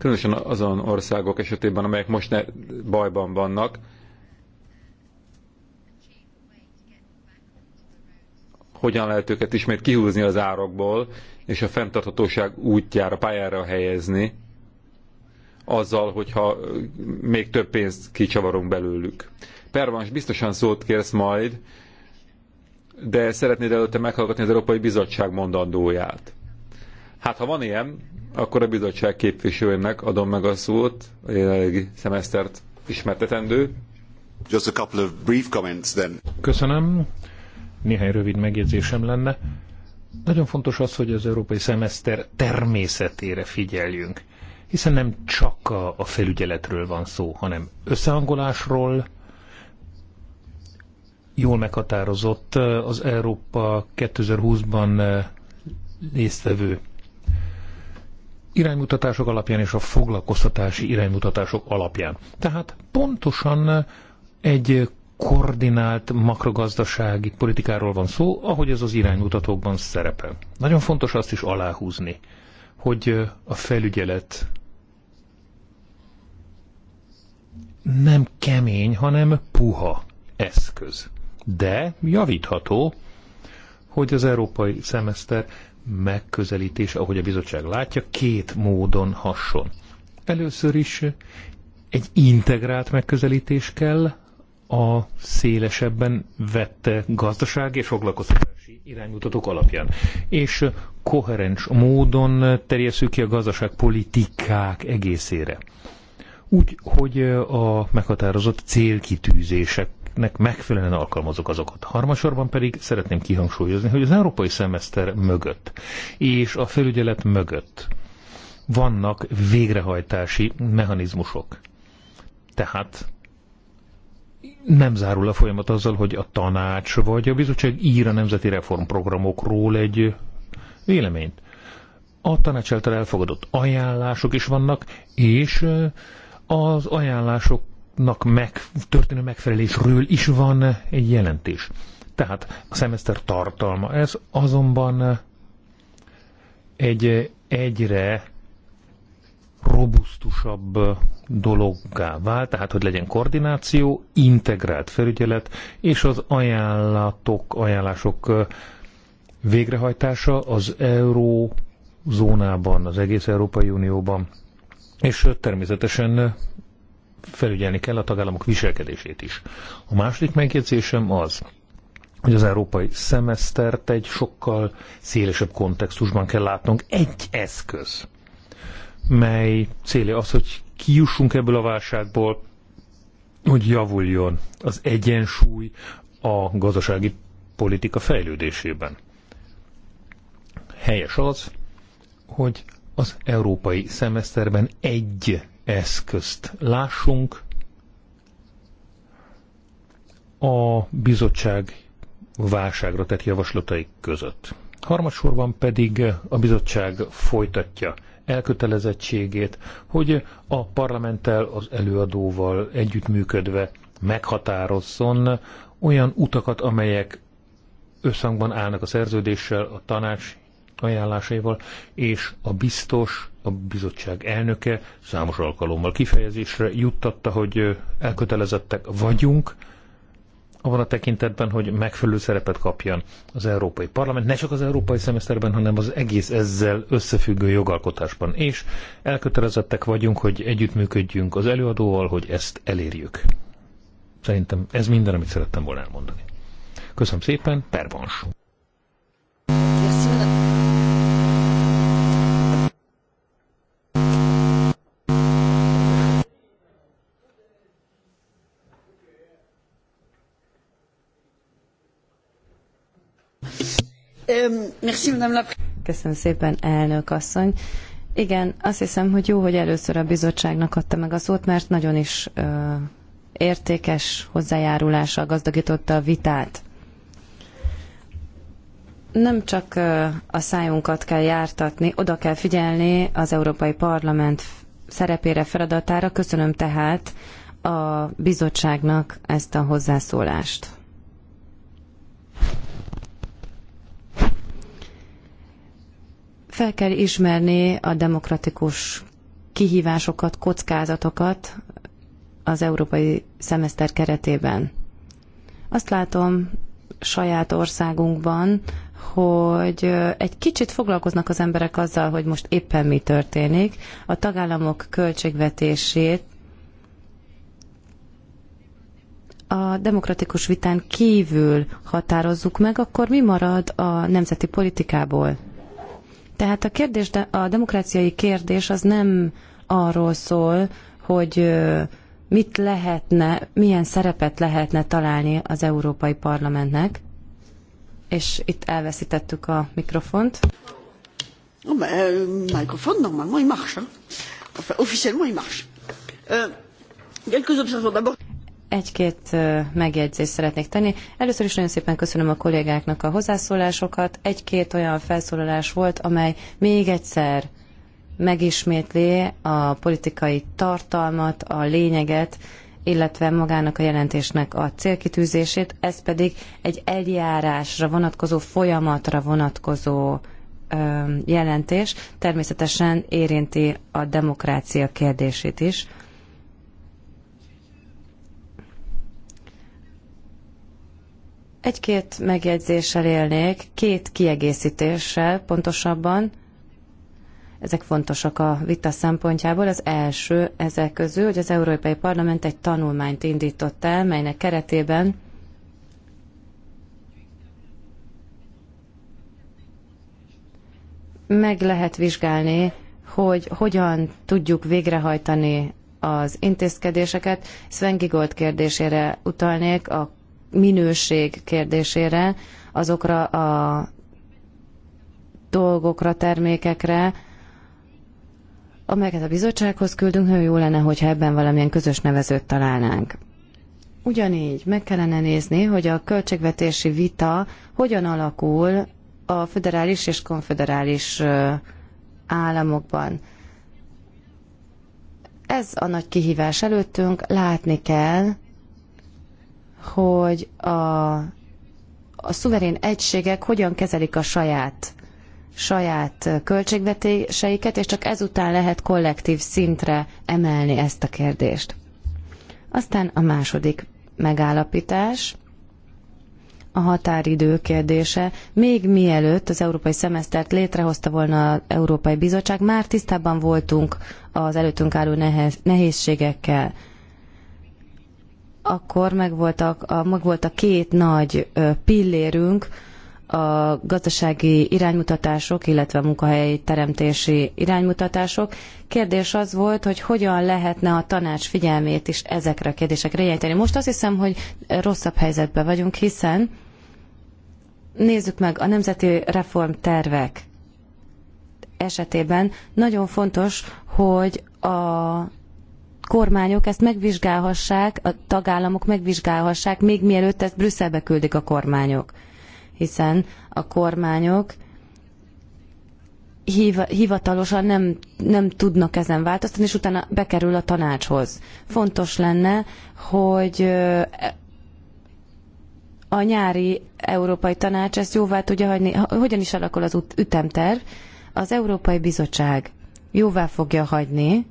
különösen azon országok esetében, amelyek most ne bajban vannak, hogyan lehet őket ismét kihúzni az árokból, és a fenntarthatóság útjára, pályára helyezni, azzal, hogyha még több pénzt kicsavarunk belőlük. Pervans, biztosan szót kérsz majd, de szeretnéd előtte meghallgatni az Európai Bizottság mondandóját. Hát, ha van ilyen, akkor a bizottság képviselőjének adom meg a szót, a jelenlegi szemesztert ismertetendő. Just a couple of brief comments then. Köszönöm. Néhány rövid megjegyzésem lenne. Nagyon fontos az, hogy az európai szemeszter természetére figyeljünk, hiszen nem csak a felügyeletről van szó, hanem összehangolásról, jól meghatározott az Európa 2020-ban résztvevő iránymutatások alapján és a foglalkoztatási iránymutatások alapján. Tehát pontosan egy koordinált makrogazdasági politikáról van szó, ahogy ez az iránymutatókban szerepel. Nagyon fontos azt is aláhúzni, hogy a felügyelet nem kemény, hanem puha eszköz. De javítható, hogy az európai szemeszter megközelítés, ahogy a bizottság látja, két módon hasson. Először is egy integrált megközelítés kell a szélesebben vette gazdasági és foglalkoztatási iránymutatók alapján. És koherens módon terjesszük ki a gazdaságpolitikák egészére. Úgy, hogy a meghatározott célkitűzések amelyeknek megfelelően alkalmazok azokat. Harmasorban pedig szeretném kihangsúlyozni, hogy az európai szemeszter mögött és a felügyelet mögött vannak végrehajtási mechanizmusok. Tehát nem zárul a folyamat azzal, hogy a tanács vagy a bizottság ír a nemzeti reformprogramokról egy véleményt. A tanács által elfogadott ajánlások is vannak, és az ajánlások nak meg, történő megfelelésről is van egy jelentés. Tehát a szemeszter tartalma. Ez azonban egy egyre robusztusabb dologgá vált, tehát hogy legyen koordináció, integrált felügyelet, és az ajánlatok, ajánlások végrehajtása az euró zónában, az egész Európai Unióban, és természetesen felügyelni kell a tagállamok viselkedését is. A második megjegyzésem az, hogy az európai szemesztert egy sokkal szélesebb kontextusban kell látnunk. Egy eszköz, mely célja az, hogy kijussunk ebből a válságból, hogy javuljon az egyensúly a gazdasági politika fejlődésében. Helyes az, hogy az európai szemeszterben egy eszközt lássunk. A bizottság válságra tett javaslatai között. Harmadsorban pedig a bizottság folytatja elkötelezettségét, hogy a parlamenttel, az előadóval együttműködve meghatározzon olyan utakat, amelyek összhangban állnak a szerződéssel, a tanács ajánlásaival, és a biztos, a bizottság elnöke számos alkalommal kifejezésre juttatta, hogy elkötelezettek vagyunk, abban a tekintetben, hogy megfelelő szerepet kapjon az Európai Parlament, ne csak az Európai Szemeszterben, hanem az egész ezzel összefüggő jogalkotásban. És elkötelezettek vagyunk, hogy együttműködjünk az előadóval, hogy ezt elérjük. Szerintem ez minden, amit szerettem volna elmondani. Köszönöm szépen, Pervans! Köszönöm szépen, elnök asszony. Igen, azt hiszem, hogy jó, hogy először a bizottságnak adta meg a szót, mert nagyon is ö, értékes hozzájárulása gazdagította a vitát. Nem csak ö, a szájunkat kell jártatni, oda kell figyelni az Európai Parlament szerepére, feladatára. Köszönöm tehát a bizottságnak ezt a hozzászólást. Fel kell ismerni a demokratikus kihívásokat, kockázatokat az európai szemeszter keretében. Azt látom saját országunkban, hogy egy kicsit foglalkoznak az emberek azzal, hogy most éppen mi történik. A tagállamok költségvetését a demokratikus vitán kívül határozzuk meg, akkor mi marad a nemzeti politikából? Tehát a kérdés, de a demokráciai kérdés az nem arról szól, hogy mit lehetne, milyen szerepet lehetne találni az Európai Parlamentnek. És itt elveszítettük a mikrofont. Non, e, mikrofon normálisan microphone, normalement, il marche. Hein. Enfin, officiellement, il marche. Euh, quelques observations. D'abord, egy-két megjegyzést szeretnék tenni. Először is nagyon szépen köszönöm a kollégáknak a hozzászólásokat. Egy-két olyan felszólalás volt, amely még egyszer megismétli a politikai tartalmat, a lényeget, illetve magának a jelentésnek a célkitűzését, ez pedig egy eljárásra vonatkozó, folyamatra vonatkozó jelentés természetesen érinti a demokrácia kérdését is, Egy-két megjegyzéssel élnék, két kiegészítéssel pontosabban. Ezek fontosak a vita szempontjából. Az első ezek közül, hogy az Európai Parlament egy tanulmányt indított el, melynek keretében meg lehet vizsgálni, hogy hogyan tudjuk végrehajtani az intézkedéseket. Sven Gigold kérdésére utalnék a minőség kérdésére, azokra a dolgokra, termékekre, amelyeket a bizottsághoz küldünk, nagyon jó lenne, hogyha ebben valamilyen közös nevezőt találnánk. Ugyanígy meg kellene nézni, hogy a költségvetési vita hogyan alakul a föderális és konfederális államokban. Ez a nagy kihívás előttünk, látni kell, hogy a, a szuverén egységek hogyan kezelik a saját saját költségvetéseiket, és csak ezután lehet kollektív szintre emelni ezt a kérdést. Aztán a második megállapítás, a határidő kérdése. Még mielőtt az európai szemesztert létrehozta volna az Európai Bizottság, már tisztában voltunk az előttünk álló nehézségekkel akkor megvoltak a, volt a két nagy pillérünk, a gazdasági iránymutatások, illetve a munkahelyi teremtési iránymutatások. Kérdés az volt, hogy hogyan lehetne a tanács figyelmét is ezekre a kérdésekre irányítani. Most azt hiszem, hogy rosszabb helyzetben vagyunk, hiszen nézzük meg a nemzeti reformtervek esetében nagyon fontos, hogy a kormányok ezt megvizsgálhassák, a tagállamok megvizsgálhassák, még mielőtt ezt Brüsszelbe küldik a kormányok. Hiszen a kormányok hivatalosan nem, nem tudnak ezen változtatni, és utána bekerül a tanácshoz. Fontos lenne, hogy a nyári Európai Tanács ezt jóvá tudja hagyni. Hogyan is alakul az ütemterv? Az Európai Bizottság jóvá fogja hagyni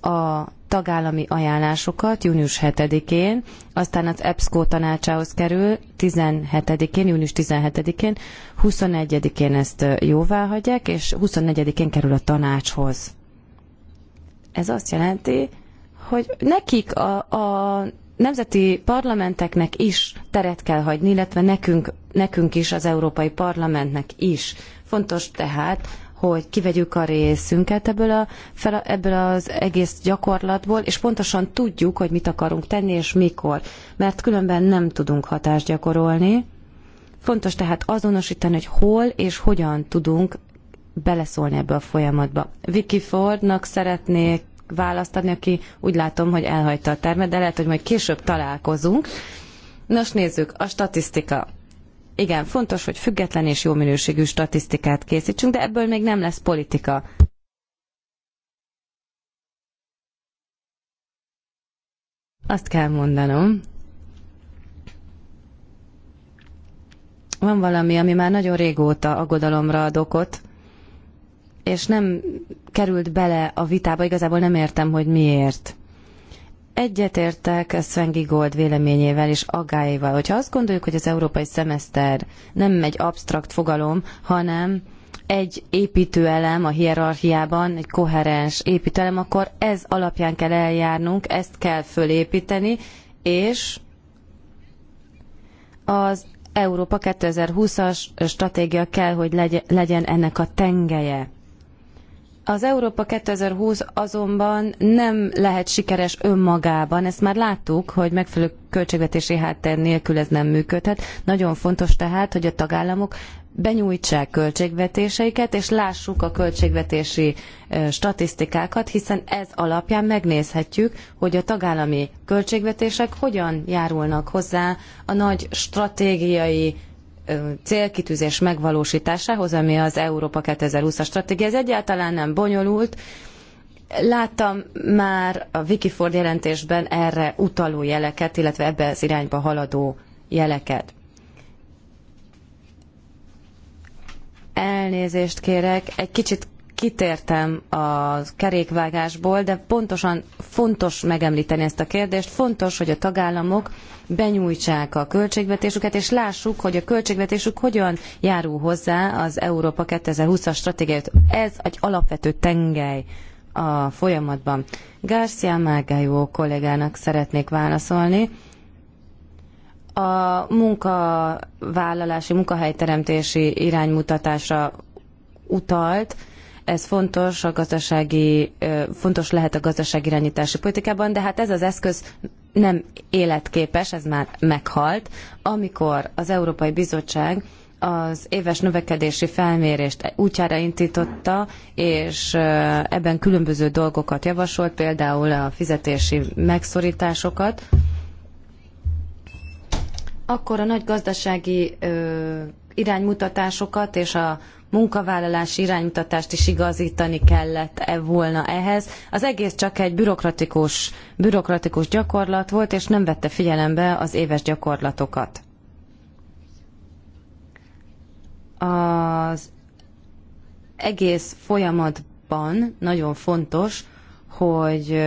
a tagállami ajánlásokat június 7-én, aztán az Epsco tanácsához kerül 17-én, június 17-én, 21-én ezt jóvá hagyják, és 24-én kerül a tanácshoz. Ez azt jelenti, hogy nekik a, a nemzeti parlamenteknek is teret kell hagyni, illetve nekünk, nekünk is, az Európai Parlamentnek is. Fontos tehát hogy kivegyük a részünket ebből, a, fel, ebből az egész gyakorlatból, és pontosan tudjuk, hogy mit akarunk tenni és mikor, mert különben nem tudunk hatást gyakorolni. Fontos tehát azonosítani, hogy hol és hogyan tudunk beleszólni ebbe a folyamatba. Vicky Fordnak szeretnék választ adni, aki úgy látom, hogy elhagyta a termet, de lehet, hogy majd később találkozunk. Nos, nézzük, a statisztika igen, fontos, hogy független és jó minőségű statisztikát készítsünk, de ebből még nem lesz politika. Azt kell mondanom. Van valami, ami már nagyon régóta aggodalomra ad okot, és nem került bele a vitába, igazából nem értem, hogy miért. Egyetértek Sven Gigold véleményével és aggáival, hogyha azt gondoljuk, hogy az európai szemeszter nem egy absztrakt fogalom, hanem egy építőelem a hierarchiában, egy koherens építőelem, akkor ez alapján kell eljárnunk, ezt kell fölépíteni, és az Európa 2020-as stratégia kell, hogy legyen ennek a tengelye. Az Európa 2020 azonban nem lehet sikeres önmagában. Ezt már láttuk, hogy megfelelő költségvetési háttér nélkül ez nem működhet. Nagyon fontos tehát, hogy a tagállamok benyújtsák költségvetéseiket, és lássuk a költségvetési statisztikákat, hiszen ez alapján megnézhetjük, hogy a tagállami költségvetések hogyan járulnak hozzá a nagy stratégiai célkitűzés megvalósításához, ami az Európa 2020-as stratégia. Ez egyáltalán nem bonyolult. Láttam már a Wikiford jelentésben erre utaló jeleket, illetve ebbe az irányba haladó jeleket. Elnézést kérek, egy kicsit kitértem a kerékvágásból, de pontosan fontos megemlíteni ezt a kérdést. Fontos, hogy a tagállamok benyújtsák a költségvetésüket, és lássuk, hogy a költségvetésük hogyan járul hozzá az Európa 2020-as stratégiáját. Ez egy alapvető tengely a folyamatban. García Mágájó kollégának szeretnék válaszolni. A munkavállalási, munkahelyteremtési iránymutatásra utalt, ez fontos, a gazdasági, fontos lehet a gazdasági irányítási politikában, de hát ez az eszköz nem életképes, ez már meghalt. Amikor az Európai Bizottság az éves növekedési felmérést útjára indította, és ebben különböző dolgokat javasolt, például a fizetési megszorításokat, akkor a nagy gazdasági iránymutatásokat és a munkavállalási iránymutatást is igazítani kellett -e volna ehhez. Az egész csak egy bürokratikus, bürokratikus gyakorlat volt, és nem vette figyelembe az éves gyakorlatokat. Az egész folyamatban nagyon fontos, hogy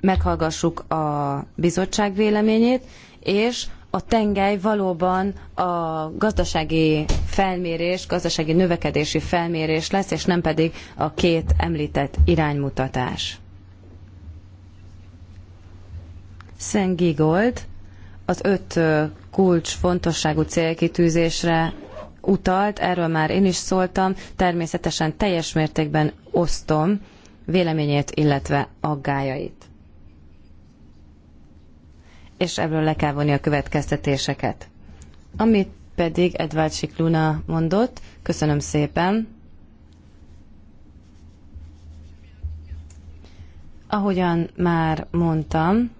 meghallgassuk a bizottság véleményét, és a tengely valóban a gazdasági felmérés, gazdasági növekedési felmérés lesz, és nem pedig a két említett iránymutatás. Szent Gigold az öt kulcs fontosságú célkitűzésre utalt, erről már én is szóltam, természetesen teljes mértékben osztom véleményét, illetve aggájait és ebből le kell vonni a következtetéseket. Amit pedig Edvard Sikluna mondott, köszönöm szépen. Ahogyan már mondtam,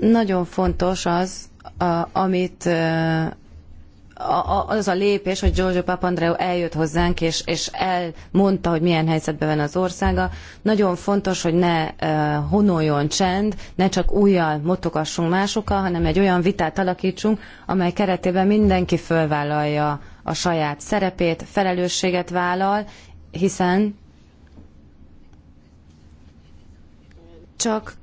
nagyon fontos az, a, amit az a lépés, hogy Giorgio Papandreou eljött hozzánk, és, és elmondta, hogy milyen helyzetben van az országa. Nagyon fontos, hogy ne honoljon csend, ne csak újjal motogassunk másokkal, hanem egy olyan vitát alakítsunk, amely keretében mindenki fölvállalja a saját szerepét, felelősséget vállal, hiszen csak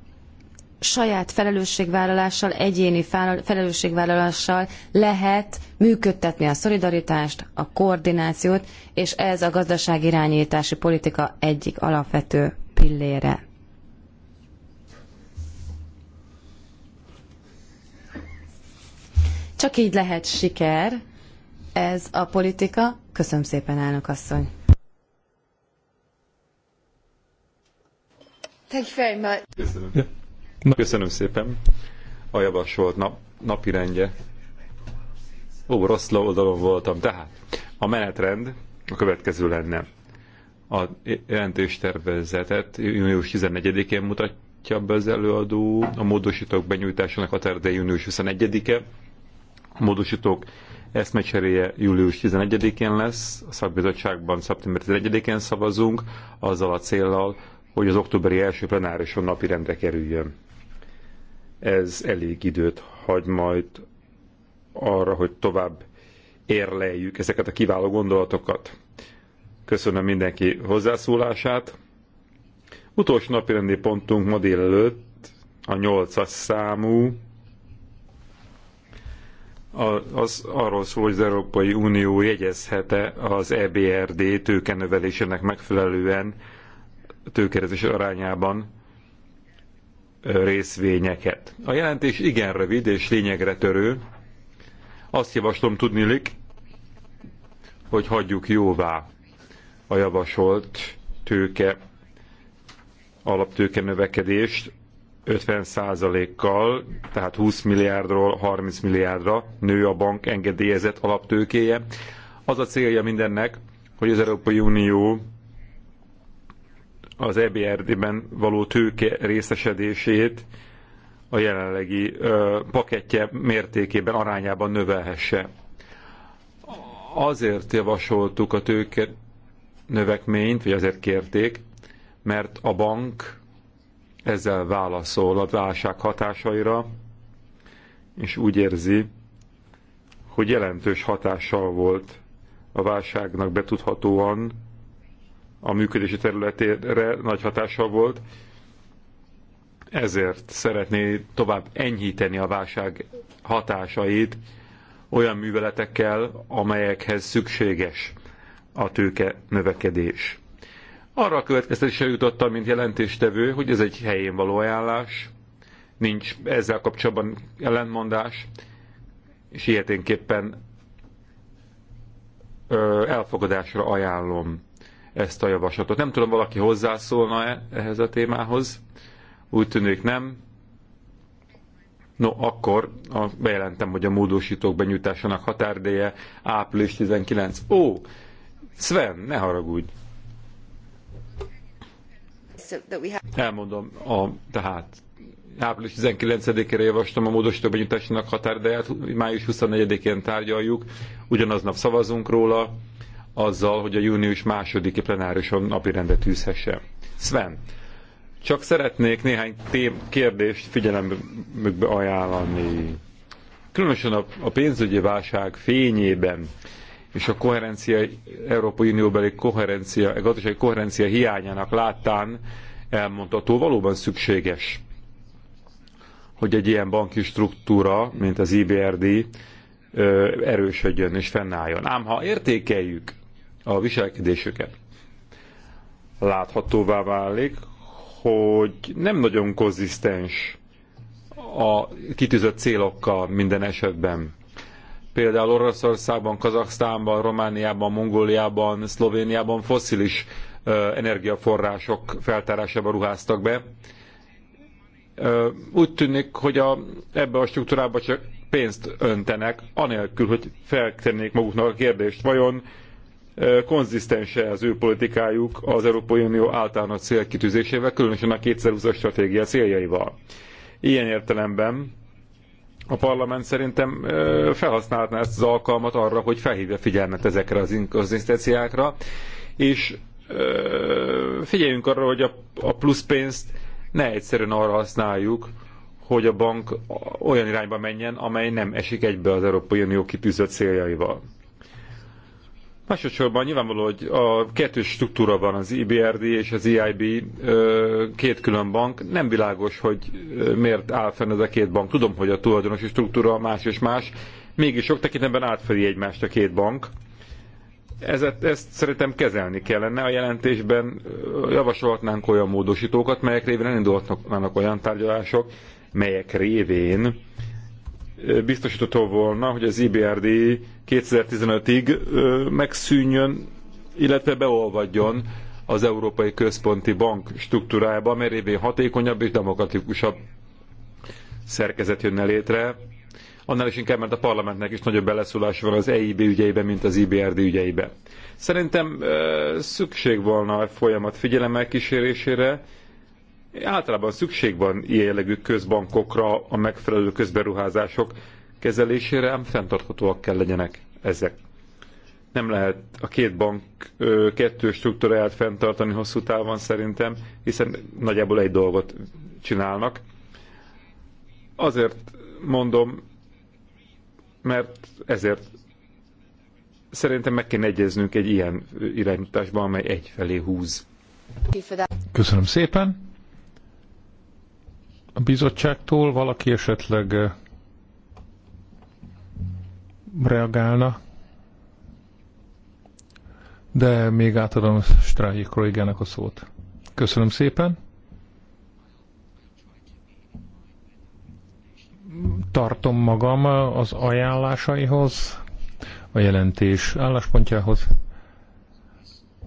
saját felelősségvállalással, egyéni felelősségvállalással lehet működtetni a szolidaritást, a koordinációt, és ez a gazdaságirányítási politika egyik alapvető pillére. Csak így lehet siker ez a politika. Köszönöm szépen, elnök asszony! Thank you very much. Köszönöm. Köszönöm szépen a javasolt nap, rendje. Ó, rossz oldalon voltam. Tehát a menetrend a következő lenne. A tervezetet június 14-én mutatja be az előadó, a módosítók benyújtásának terve június 21-e, a módosítók eszmecseréje július 11-én lesz, a szakbizottságban szeptember 11-én szavazunk, azzal a célral, hogy az októberi első plenárison rendre kerüljön ez elég időt hagy majd arra, hogy tovább érleljük ezeket a kiváló gondolatokat. Köszönöm mindenki hozzászólását. Utolsó napi rendi pontunk ma délelőtt a 8-as számú az arról szól, hogy az Európai Unió jegyezhet-e az EBRD tőkenövelésének megfelelően tőkerezés arányában részvényeket. A jelentés igen rövid és lényegre törő. Azt javaslom tudnilik, hogy hagyjuk jóvá a javasolt tőke, alaptőke növekedést 50%-kal, tehát 20 milliárdról 30 milliárdra nő a bank engedélyezett alaptőkéje. Az a célja mindennek, hogy az Európai Unió az EBRD-ben való tőke részesedését a jelenlegi ö, mértékében, arányában növelhesse. Azért javasoltuk a tőke növekményt, vagy azért kérték, mert a bank ezzel válaszol a válság hatásaira, és úgy érzi, hogy jelentős hatással volt a válságnak betudhatóan a működési területére nagy hatással volt, ezért szeretné tovább enyhíteni a válság hatásait olyan műveletekkel, amelyekhez szükséges a tőke növekedés. Arra a következtetésre jutottam, mint jelentéstevő, hogy ez egy helyén való ajánlás, nincs ezzel kapcsolatban ellentmondás, és ilyeténképpen elfogadásra ajánlom ezt a javaslatot. Nem tudom, valaki hozzászólna -e ehhez a témához. Úgy tűnik nem. No, akkor a, bejelentem, hogy a módosítók benyújtásának határdéje április 19. Ó, Sven, ne haragudj! Elmondom, a, tehát április 19-ére javaslom a módosítók benyújtásának határdeját, május 24-én tárgyaljuk, ugyanaznap szavazunk róla, azzal, hogy a június második plenárison napirendet tűzhesse. Sven, csak szeretnék néhány kérdést figyelembe ajánlani. Különösen a, a pénzügyi válság fényében és a koherencia, Európai Unióbeli koherencia, gazdasági koherencia hiányának láttán elmondható valóban szükséges, hogy egy ilyen banki struktúra, mint az IBRD, erősödjön és fennálljon. Ám ha értékeljük a viselkedésüket. Láthatóvá válik, hogy nem nagyon konzisztens a kitűzött célokkal minden esetben. Például Oroszországban, Kazaksztánban, Romániában, Mongóliában, Szlovéniában foszilis energiaforrások feltárásába ruháztak be. Úgy tűnik, hogy a, ebbe a struktúrába csak pénzt öntenek, anélkül, hogy feltennék maguknak a kérdést, vajon konzisztense az ő politikájuk az Európai Unió általános célkitűzésével, különösen a 2020-as stratégia céljaival. Ilyen értelemben a parlament szerintem felhasználhatná ezt az alkalmat arra, hogy felhívja figyelmet ezekre az inkonzisztenciákra, és figyeljünk arra, hogy a plusz pénzt ne egyszerűen arra használjuk, hogy a bank olyan irányba menjen, amely nem esik egybe az Európai Unió kitűzött céljaival. Másodszorban nyilvánvaló, hogy a kettős struktúra van az IBRD és az EIB, két külön bank. Nem világos, hogy miért áll fenn ez a két bank. Tudom, hogy a tulajdonosi struktúra más és más, mégis sok tekintetben átfedi egymást a két bank. Ezt, ezt szerintem kezelni kellene. A jelentésben javasolhatnánk olyan módosítókat, melyek révén elindulhatnának olyan tárgyalások, melyek révén biztosítható volna, hogy az IBRD 2015-ig megszűnjön, illetve beolvadjon az Európai Központi Bank struktúrájába, mert évén hatékonyabb és demokratikusabb szerkezet jönne létre. Annál is inkább, mert a parlamentnek is nagyobb beleszólása van az EIB ügyeibe, mint az IBRD ügyeibe. Szerintem szükség volna a folyamat figyelemmel kísérésére, általában szükség van ilyen jellegű közbankokra a megfelelő közberuházások kezelésére, ám fenntarthatóak kell legyenek ezek. Nem lehet a két bank ö, kettő struktúráját fenntartani hosszú távon szerintem, hiszen nagyjából egy dolgot csinálnak. Azért mondom, mert ezért szerintem meg kell egyeznünk egy ilyen irányításban, amely egyfelé húz. Köszönöm szépen. A bizottságtól valaki esetleg reagálna, de még átadom Strágyi Kroigának a szót. Köszönöm szépen. Tartom magam az ajánlásaihoz, a jelentés álláspontjához,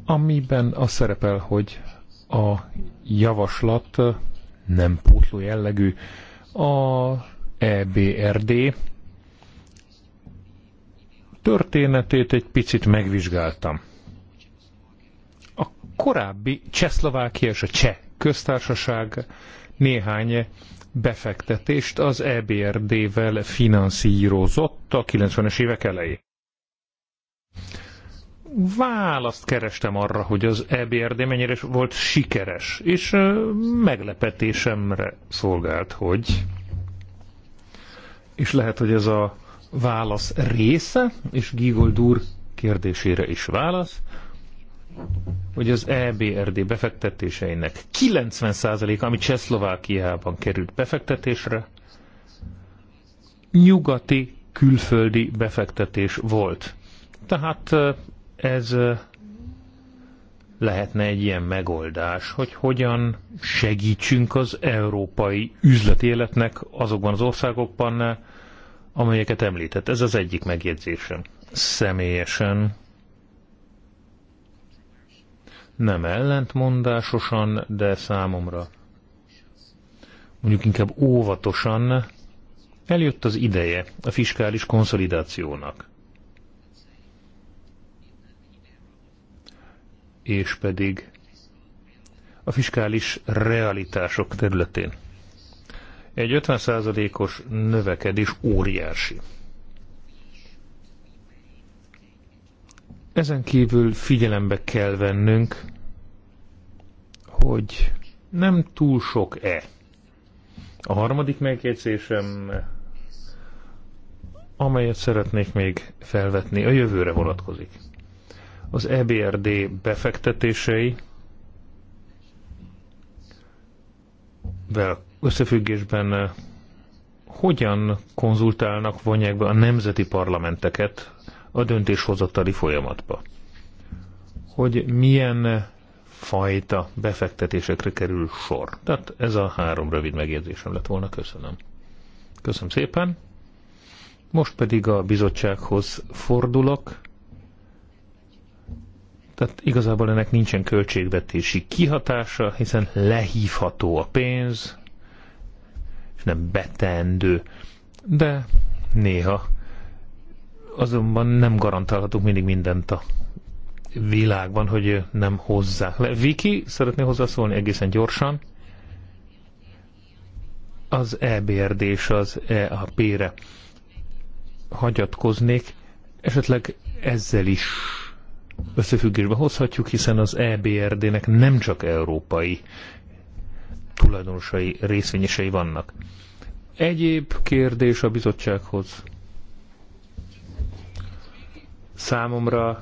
amiben az szerepel, hogy a javaslat nem pótló jellegű. A EBRD történetét egy picit megvizsgáltam. A korábbi Csehszlovákia és a Cseh köztársaság néhány befektetést az EBRD-vel finanszírozott a 90-es évek elején. Választ kerestem arra, hogy az EBRD mennyire volt sikeres, és meglepetésemre szolgált, hogy és lehet, hogy ez a válasz része, és Gigold úr kérdésére is válasz, hogy az EBRD befektetéseinek 90%-a, ami Csehszlovákiában került befektetésre, nyugati külföldi befektetés volt. Tehát ez lehetne egy ilyen megoldás, hogy hogyan segítsünk az európai üzletéletnek azokban az országokban, amelyeket említett. Ez az egyik megjegyzésem. Személyesen nem ellentmondásosan, de számomra mondjuk inkább óvatosan eljött az ideje a fiskális konszolidációnak. És pedig a fiskális realitások területén. Egy 50%-os növekedés óriási. Ezen kívül figyelembe kell vennünk, hogy nem túl sok-e. A harmadik megjegyzésem, amelyet szeretnék még felvetni, a jövőre vonatkozik. Az EBRD befektetései összefüggésben eh, hogyan konzultálnak, vonják be a nemzeti parlamenteket a döntéshozatali folyamatba? Hogy milyen fajta befektetésekre kerül sor? Tehát ez a három rövid megjegyzésem lett volna. Köszönöm. Köszönöm szépen. Most pedig a bizottsághoz fordulok. Tehát igazából ennek nincsen költségvetési kihatása, hiszen lehívható a pénz, nem betendő. De néha azonban nem garantálhatunk mindig mindent a világban, hogy nem hozzá. Viki, szeretné hozzászólni egészen gyorsan? Az EBRD és az EAP-re hagyatkoznék, esetleg ezzel is összefüggésbe hozhatjuk, hiszen az EBRD-nek nem csak európai tulajdonosai, részvényesei vannak. Egyéb kérdés a bizottsághoz. Számomra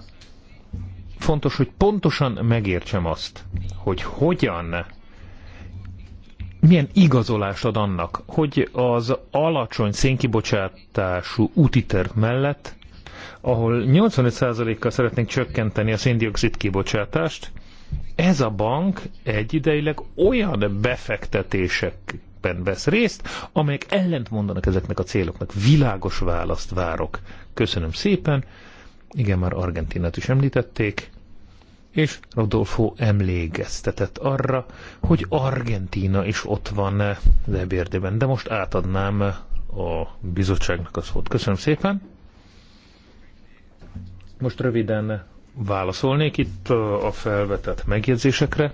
fontos, hogy pontosan megértsem azt, hogy hogyan, milyen igazolást ad annak, hogy az alacsony szénkibocsátású útiterv mellett, ahol 85%-kal szeretnénk csökkenteni a széndiokszid kibocsátást, ez a bank egyidejileg olyan befektetésekben vesz részt, amelyek ellent mondanak ezeknek a céloknak. Világos választ várok. Köszönöm szépen. Igen, már Argentinát is említették. És Rodolfo emlékeztetett arra, hogy Argentina is ott van az ebérdében. Er De most átadnám a bizottságnak a szót. Köszönöm szépen. Most röviden válaszolnék itt a felvetett megjegyzésekre.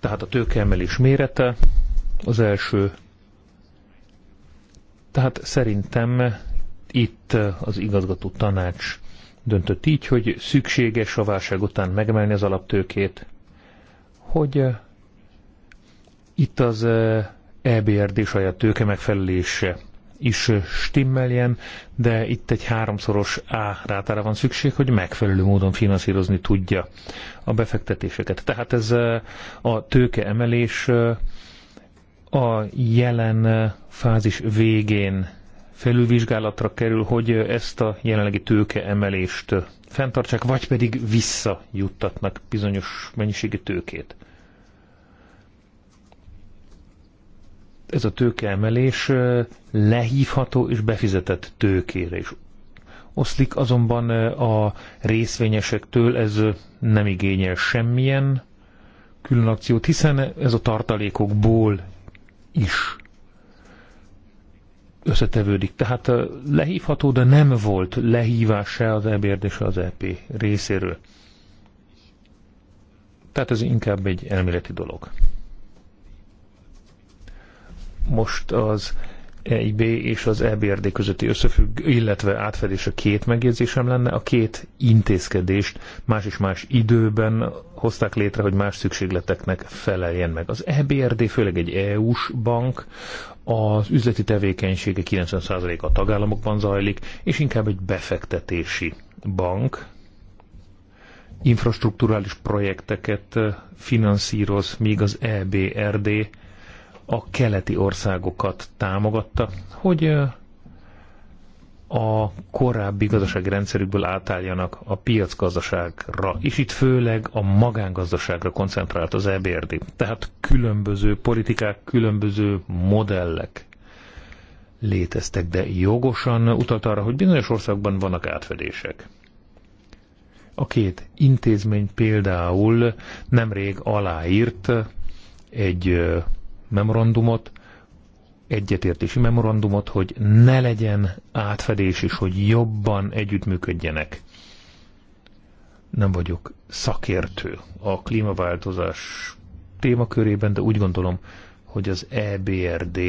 Tehát a tőkeemelés mérete az első. Tehát szerintem itt az igazgató tanács döntött így, hogy szükséges a válság után megemelni az alaptőkét, hogy itt az EBRD saját tőke megfelelése is stimmeljen, de itt egy háromszoros A rátára van szükség, hogy megfelelő módon finanszírozni tudja a befektetéseket. Tehát ez eh, a tőkeemelés eh, a jelen eh, fázis végén felülvizsgálatra kerül, hogy ezt a jelenlegi tőkeemelést fenntartsák, vagy pedig visszajuttatnak bizonyos mennyiségű tőkét. ez a tőkeemelés lehívható és befizetett tőkére is oszlik, azonban a részvényesektől ez nem igényel semmilyen külön akciót, hiszen ez a tartalékokból is összetevődik. Tehát lehívható, de nem volt lehívás se az EBRD, se az EP részéről. Tehát ez inkább egy elméleti dolog most az EIB és az EBRD közötti összefügg, illetve átfedés a két megjegyzésem lenne. A két intézkedést más és más időben hozták létre, hogy más szükségleteknek feleljen meg. Az EBRD főleg egy EU-s bank, az üzleti tevékenysége 90% a tagállamokban zajlik, és inkább egy befektetési bank, infrastruktúrális projekteket finanszíroz, míg az EBRD a keleti országokat támogatta, hogy a korábbi gazdasági rendszerükből átálljanak a piacgazdaságra, és itt főleg a magángazdaságra koncentrált az EBRD. Tehát különböző politikák, különböző modellek léteztek, de jogosan utalt arra, hogy bizonyos országban vannak átfedések. A két intézmény például nemrég aláírt egy memorandumot, egyetértési memorandumot, hogy ne legyen átfedés és hogy jobban együttműködjenek. Nem vagyok szakértő a klímaváltozás témakörében, de úgy gondolom, hogy az EBRD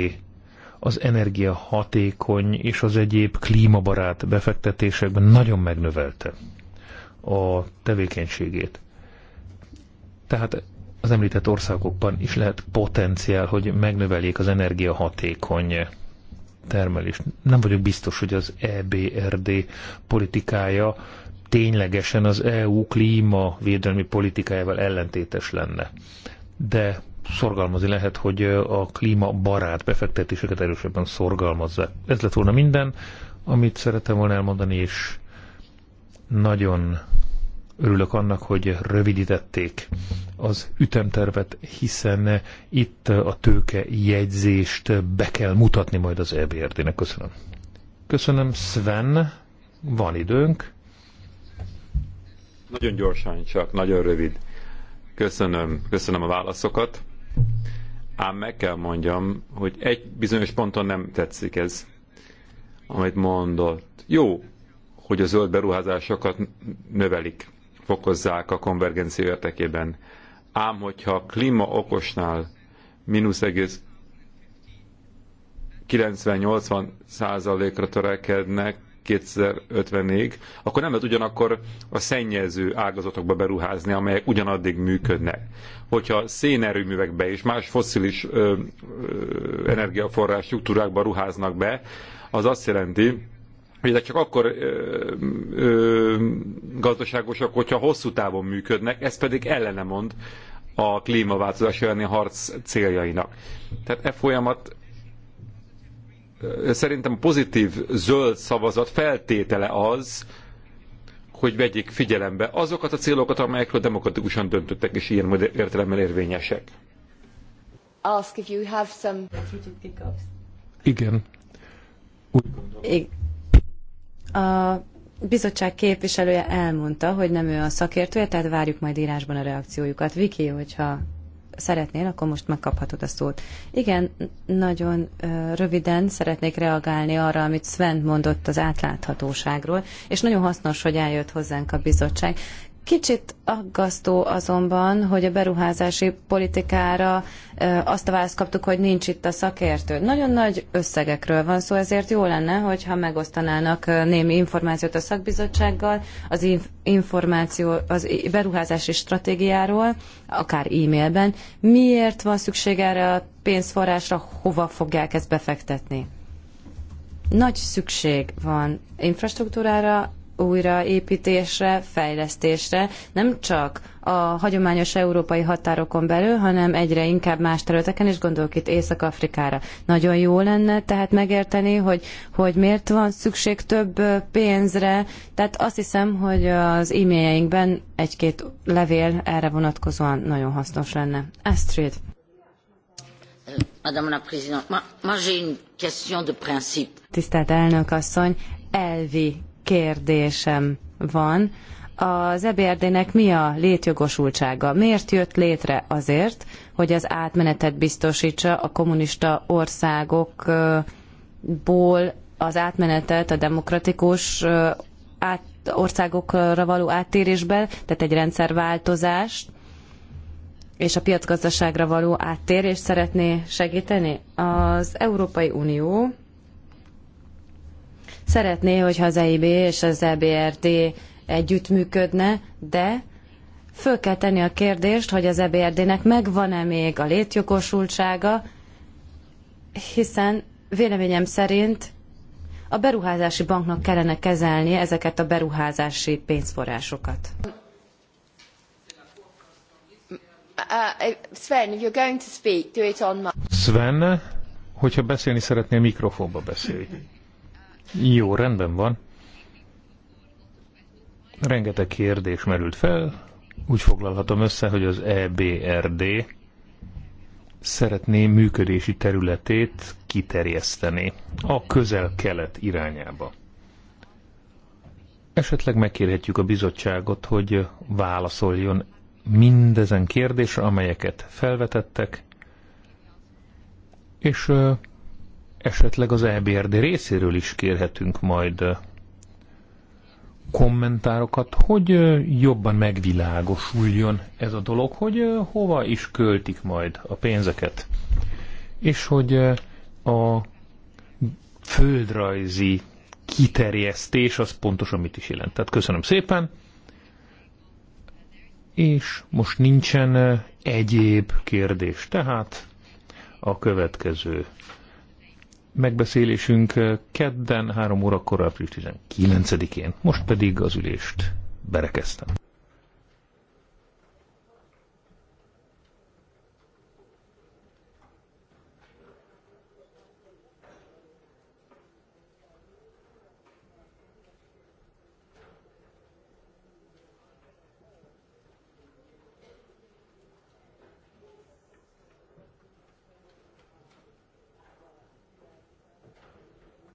az energia hatékony és az egyéb klímabarát befektetésekben nagyon megnövelte a tevékenységét. Tehát az említett országokban is lehet potenciál, hogy megnöveljék az energiahatékony termelést. Nem vagyok biztos, hogy az EBRD politikája ténylegesen az EU klímavédelmi politikájával ellentétes lenne. De szorgalmazni lehet, hogy a klíma barát befektetéseket erősebben szorgalmazza. Ez lett volna minden, amit szerettem volna elmondani, és nagyon Örülök annak, hogy rövidítették az ütemtervet, hiszen itt a tőke jegyzést be kell mutatni majd az EBRD-nek. Köszönöm. Köszönöm, Sven. Van időnk. Nagyon gyorsan csak, nagyon rövid. Köszönöm, köszönöm a válaszokat. Ám meg kell mondjam, hogy egy bizonyos ponton nem tetszik ez, amit mondott. Jó, hogy a zöld beruházásokat növelik fokozzák a konvergencia értekében. Ám hogyha a klíma okosnál mínusz egész 90-80 százalékra törekednek 2050-ig, akkor nem lehet ugyanakkor a szennyező ágazatokba beruházni, amelyek ugyanaddig működnek. Hogyha szénerőművekbe és más foszilis energiaforrás struktúrákba ruháznak be, az azt jelenti, hogy ezek csak akkor ö, ö, gazdaságosak, hogyha hosszú távon működnek, ez pedig ellene mond a klímaváltozás elleni harc céljainak. Tehát e folyamat szerintem a pozitív zöld szavazat feltétele az, hogy vegyék figyelembe azokat a célokat, amelyekről demokratikusan döntöttek, és ilyen értelemben érvényesek. Ask if you have some... Igen. Úgy gondolom. A bizottság képviselője elmondta, hogy nem ő a szakértője, tehát várjuk majd írásban a reakciójukat. Viki, hogyha szeretnél, akkor most megkaphatod a szót. Igen, nagyon röviden szeretnék reagálni arra, amit Sven mondott az átláthatóságról, és nagyon hasznos, hogy eljött hozzánk a bizottság. Kicsit aggasztó azonban, hogy a beruházási politikára azt a választ kaptuk, hogy nincs itt a szakértő. Nagyon nagy összegekről van szó, ezért jó lenne, hogyha megosztanának némi információt a szakbizottsággal, az információ, az beruházási stratégiáról, akár e-mailben. Miért van szükség erre a pénzforrásra, hova fogják ezt befektetni? Nagy szükség van infrastruktúrára, újraépítésre, fejlesztésre, nem csak a hagyományos európai határokon belül, hanem egyre inkább más területeken, és gondolok itt Észak-Afrikára. Nagyon jó lenne tehát megérteni, hogy, hogy miért van szükség több pénzre, tehát azt hiszem, hogy az e-mailjeinkben egy-két levél erre vonatkozóan nagyon hasznos lenne. Astrid. Madame la Présidente, moi, moi j'ai une question de principe. Tisztelt elnök asszony, elvi kérdésem van. Az EBRD-nek mi a létjogosultsága? Miért jött létre? Azért, hogy az átmenetet biztosítsa a kommunista országokból az átmenetet a demokratikus át, országokra való áttérésben, tehát egy rendszerváltozást és a piacgazdaságra való áttérést szeretné segíteni? Az Európai Unió Szeretné, hogyha az EIB és az EBRD együttműködne, de föl kell tenni a kérdést, hogy az EBRD-nek megvan-e még a létjogosultsága, hiszen véleményem szerint a beruházási banknak kellene kezelnie ezeket a beruházási pénzforrásokat. Uh, uh, Sven, if you're going to speak, do it on my... Sven, hogyha beszélni szeretnél, mikrofonba beszélj. Jó, rendben van. Rengeteg kérdés merült fel. Úgy foglalhatom össze, hogy az EBRD szeretné működési területét kiterjeszteni a közel-kelet irányába. Esetleg megkérhetjük a bizottságot, hogy válaszoljon mindezen kérdésre, amelyeket felvetettek, és esetleg az EBRD részéről is kérhetünk majd kommentárokat, hogy jobban megvilágosuljon ez a dolog, hogy hova is költik majd a pénzeket, és hogy a földrajzi kiterjesztés az pontosan mit is jelent. Tehát köszönöm szépen, és most nincsen egyéb kérdés, tehát a következő megbeszélésünk eh, kedden 3 órakor április 19-én. Most pedig az ülést berekeztem.